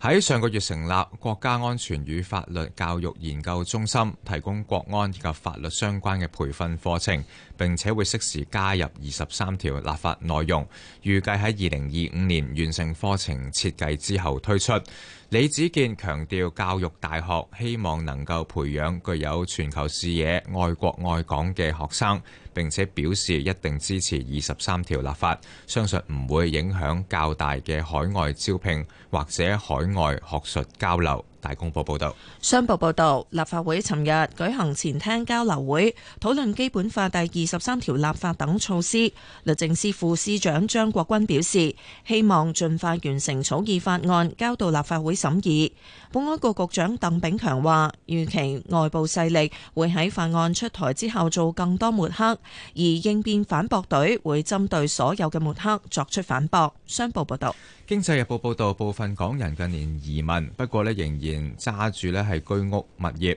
喺上個月成立國家安全與法律教育研究中心，提供國安以及法律相關嘅培訓課程。並且會適時加入二十三條立法內容，預計喺二零二五年完成課程設計之後推出。李子健強調，教育大學希望能夠培養具有全球視野、愛國愛港嘅學生，並且表示一定支持二十三條立法，相信唔會影響較大嘅海外招聘或者海外學術交流。大公報報導，商報報導，立法會尋日舉行前廳交流會，討論基本法第二十三條立法等措施。律政司副司長張國鈞表示，希望盡快完成草擬法案，交到立法會審議。保安局局長鄧炳強話，預期外部勢力會喺法案出台之後做更多抹黑，而應變反駁隊會針對所有嘅抹黑作出反駁。商報報導，經濟日報報導，部分港人近年移民，不過呢仍然，仍揸住咧，係居屋物業，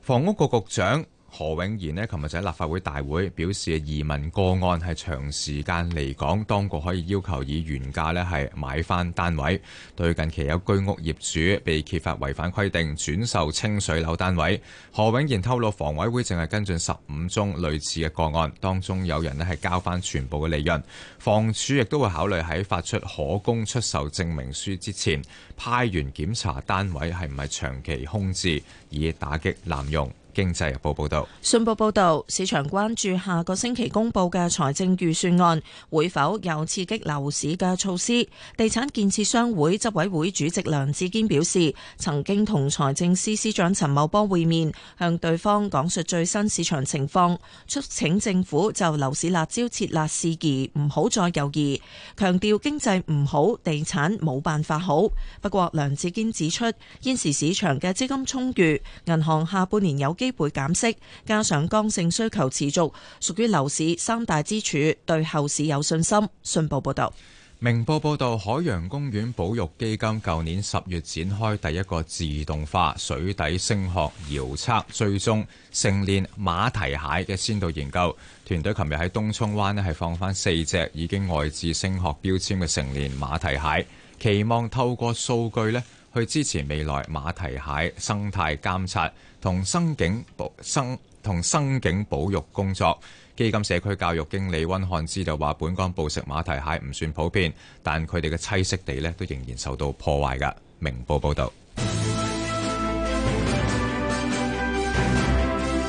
房屋局局長，何永賢呢，琴日就喺立法會大會表示，移民個案係長時間離港，當局可以要求以原價呢係買翻單位。對近期有居屋業主被揭發違反規定轉售清水樓單位，何永賢透露，房委會淨係跟進十五宗類似嘅個案，當中有人呢係交翻全部嘅利潤。房署亦都會考慮喺發出可供出售證明書之前，派員檢查單位係唔係長期空置，以打擊濫用。經濟日報報道，信報報道，市場關注下個星期公布嘅財政預算案會否有刺激樓市嘅措施。地產建設商會執委會主席梁志堅表示，曾經同財政司司長陳茂波會面，向對方講述最新市場情況，促請政府就樓市辣招撤辣事宜唔好再猶豫。強調經濟唔好，地產冇辦法好。不過梁志堅指出，現時市場嘅資金充裕，銀行下半年有。機會減息，加上剛性需求持續，屬於樓市三大支柱，對後市有信心。信報報道，明報報道，海洋公園保育基金舊年十月展開第一個自動化水底聲學遙測，追蹤成年馬蹄蟹嘅先導研究。團隊琴日喺東涌灣咧，係放翻四隻已經外置聲學標籤嘅成年馬蹄蟹，期望透過數據咧去支持未來馬蹄蟹生態監察。同生境保生同生境保育工作基金社區教育經理溫漢之就話：本港捕食馬蹄蟹唔算普遍，但佢哋嘅棲息地呢都仍然受到破壞噶。明報報道。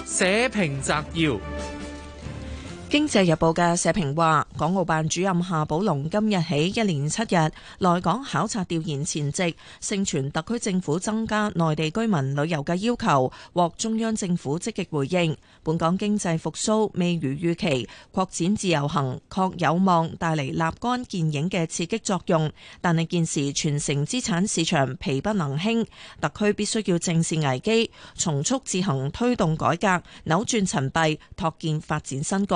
社評摘要。《經濟日報》嘅社評話，港澳辦主任夏寶龍今日起一連七日來港考察調研前夕，盛傳特區政府增加內地居民旅遊嘅要求，獲中央政府積極回應。本港經濟復甦未如預期，擴展自由行確有望帶嚟立竿見影嘅刺激作用，但係現時全城資產市場疲不能興，特區必須要正視危機，重速自行推動改革，扭轉陳弊，拓建發展新局。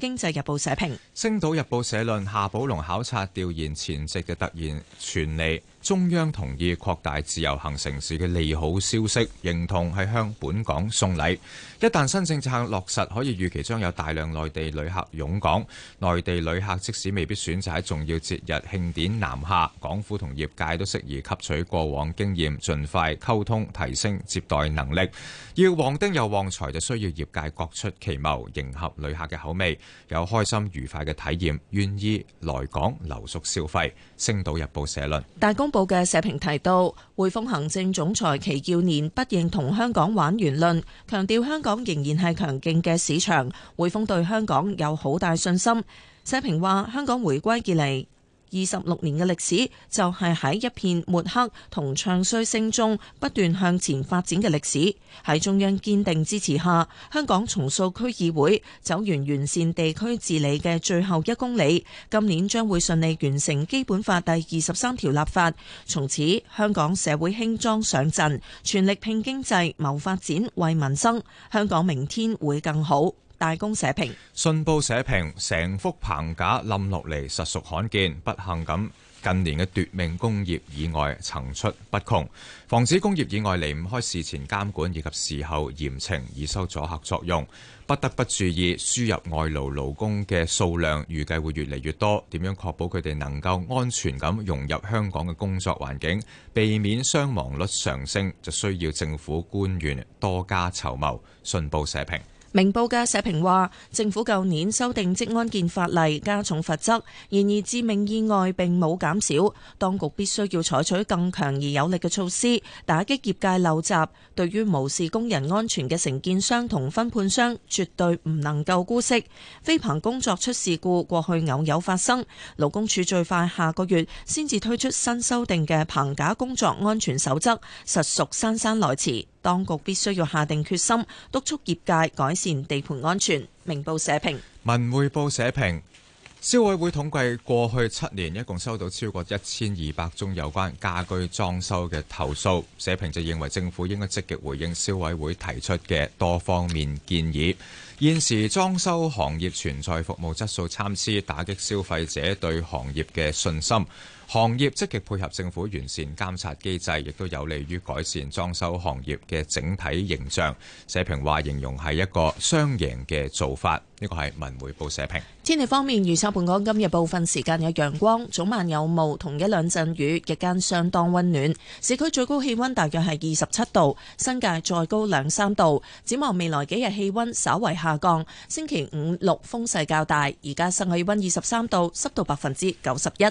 經濟日報社評。《星島日報》社論：夏寶龍考察調研前夕嘅突然傳嚟，中央同意擴大自由行城市嘅利好消息，認同係向本港送禮。一旦新政策落實，可以預期將有大量內地旅客湧港。內地旅客即使未必選擇喺重要節日慶典南下，港府同業界都適宜吸取過往經驗，盡快溝通提升接待能力。要旺丁又旺財，就需要業界各出奇謀，迎合旅客嘅口味，有開心愉快嘅體驗，願意來港留宿消費。星島日報社論。大公。報嘅社評提到，匯豐行政總裁祁耀年不認同香港玩完論，強調香港仍然係強勁嘅市場，匯豐對香港有好大信心。社評話香港回歸以嚟。二十六年嘅歷史就係喺一片抹黑同唱衰聲中不斷向前發展嘅歷史。喺中央堅定支持下，香港重塑區議會走完完善地區治理嘅最後一公里，今年將會順利完成基本法第二十三條立法。從此，香港社會輕裝上陣，全力拼經濟、謀發展、為民生。香港明天會更好。大公社評，信報社評，成幅棚架冧落嚟，實屬罕見。不幸咁，近年嘅奪命工業意外層出不窮，防止工業意外離唔開事前監管以及事後嚴懲以收阻嚇作用。不得不注意輸入外勞勞工嘅數量預計會越嚟越多，點樣確保佢哋能夠安全咁融入香港嘅工作環境，避免傷亡率上升，就需要政府官員多加籌謀。信報社評。明報嘅社評話，政府舊年修訂職安健法例，加重罰則，然而致命意外並冇減少，當局必須要採取更強而有力嘅措施打擊業界陋習。對於無視工人安全嘅承建商同分判商，絕對唔能夠姑息。飛棚工作出事故，過去偶有發生。勞工處最快下個月先至推出新修訂嘅棚架工作安全守則，實屬姍姍來遲。當局必須要下定決心，督促業界改善地盤安全。明報社評。文匯報社評，消委會統計過去七年一共收到超過一千二百宗有關家居裝修嘅投訴。社評就認為政府應該積極回應消委會提出嘅多方面建議。現時裝修行業存在服務質素參差，打擊消費者對行業嘅信心。行業積極配合政府完善監察機制，亦都有利於改善裝修行業嘅整體形象。社評話形容係一個雙贏嘅做法。呢個係文匯報社評。天氣方面預測本港今日部分時間有陽光，早晚有霧同一兩陣雨，日間相當温暖。市區最高氣温大約係二十七度，新界再高兩三度。展望未來幾日氣温稍為下降，星期五六風勢較大。而家室外氣温二十三度，濕度百分之九十一。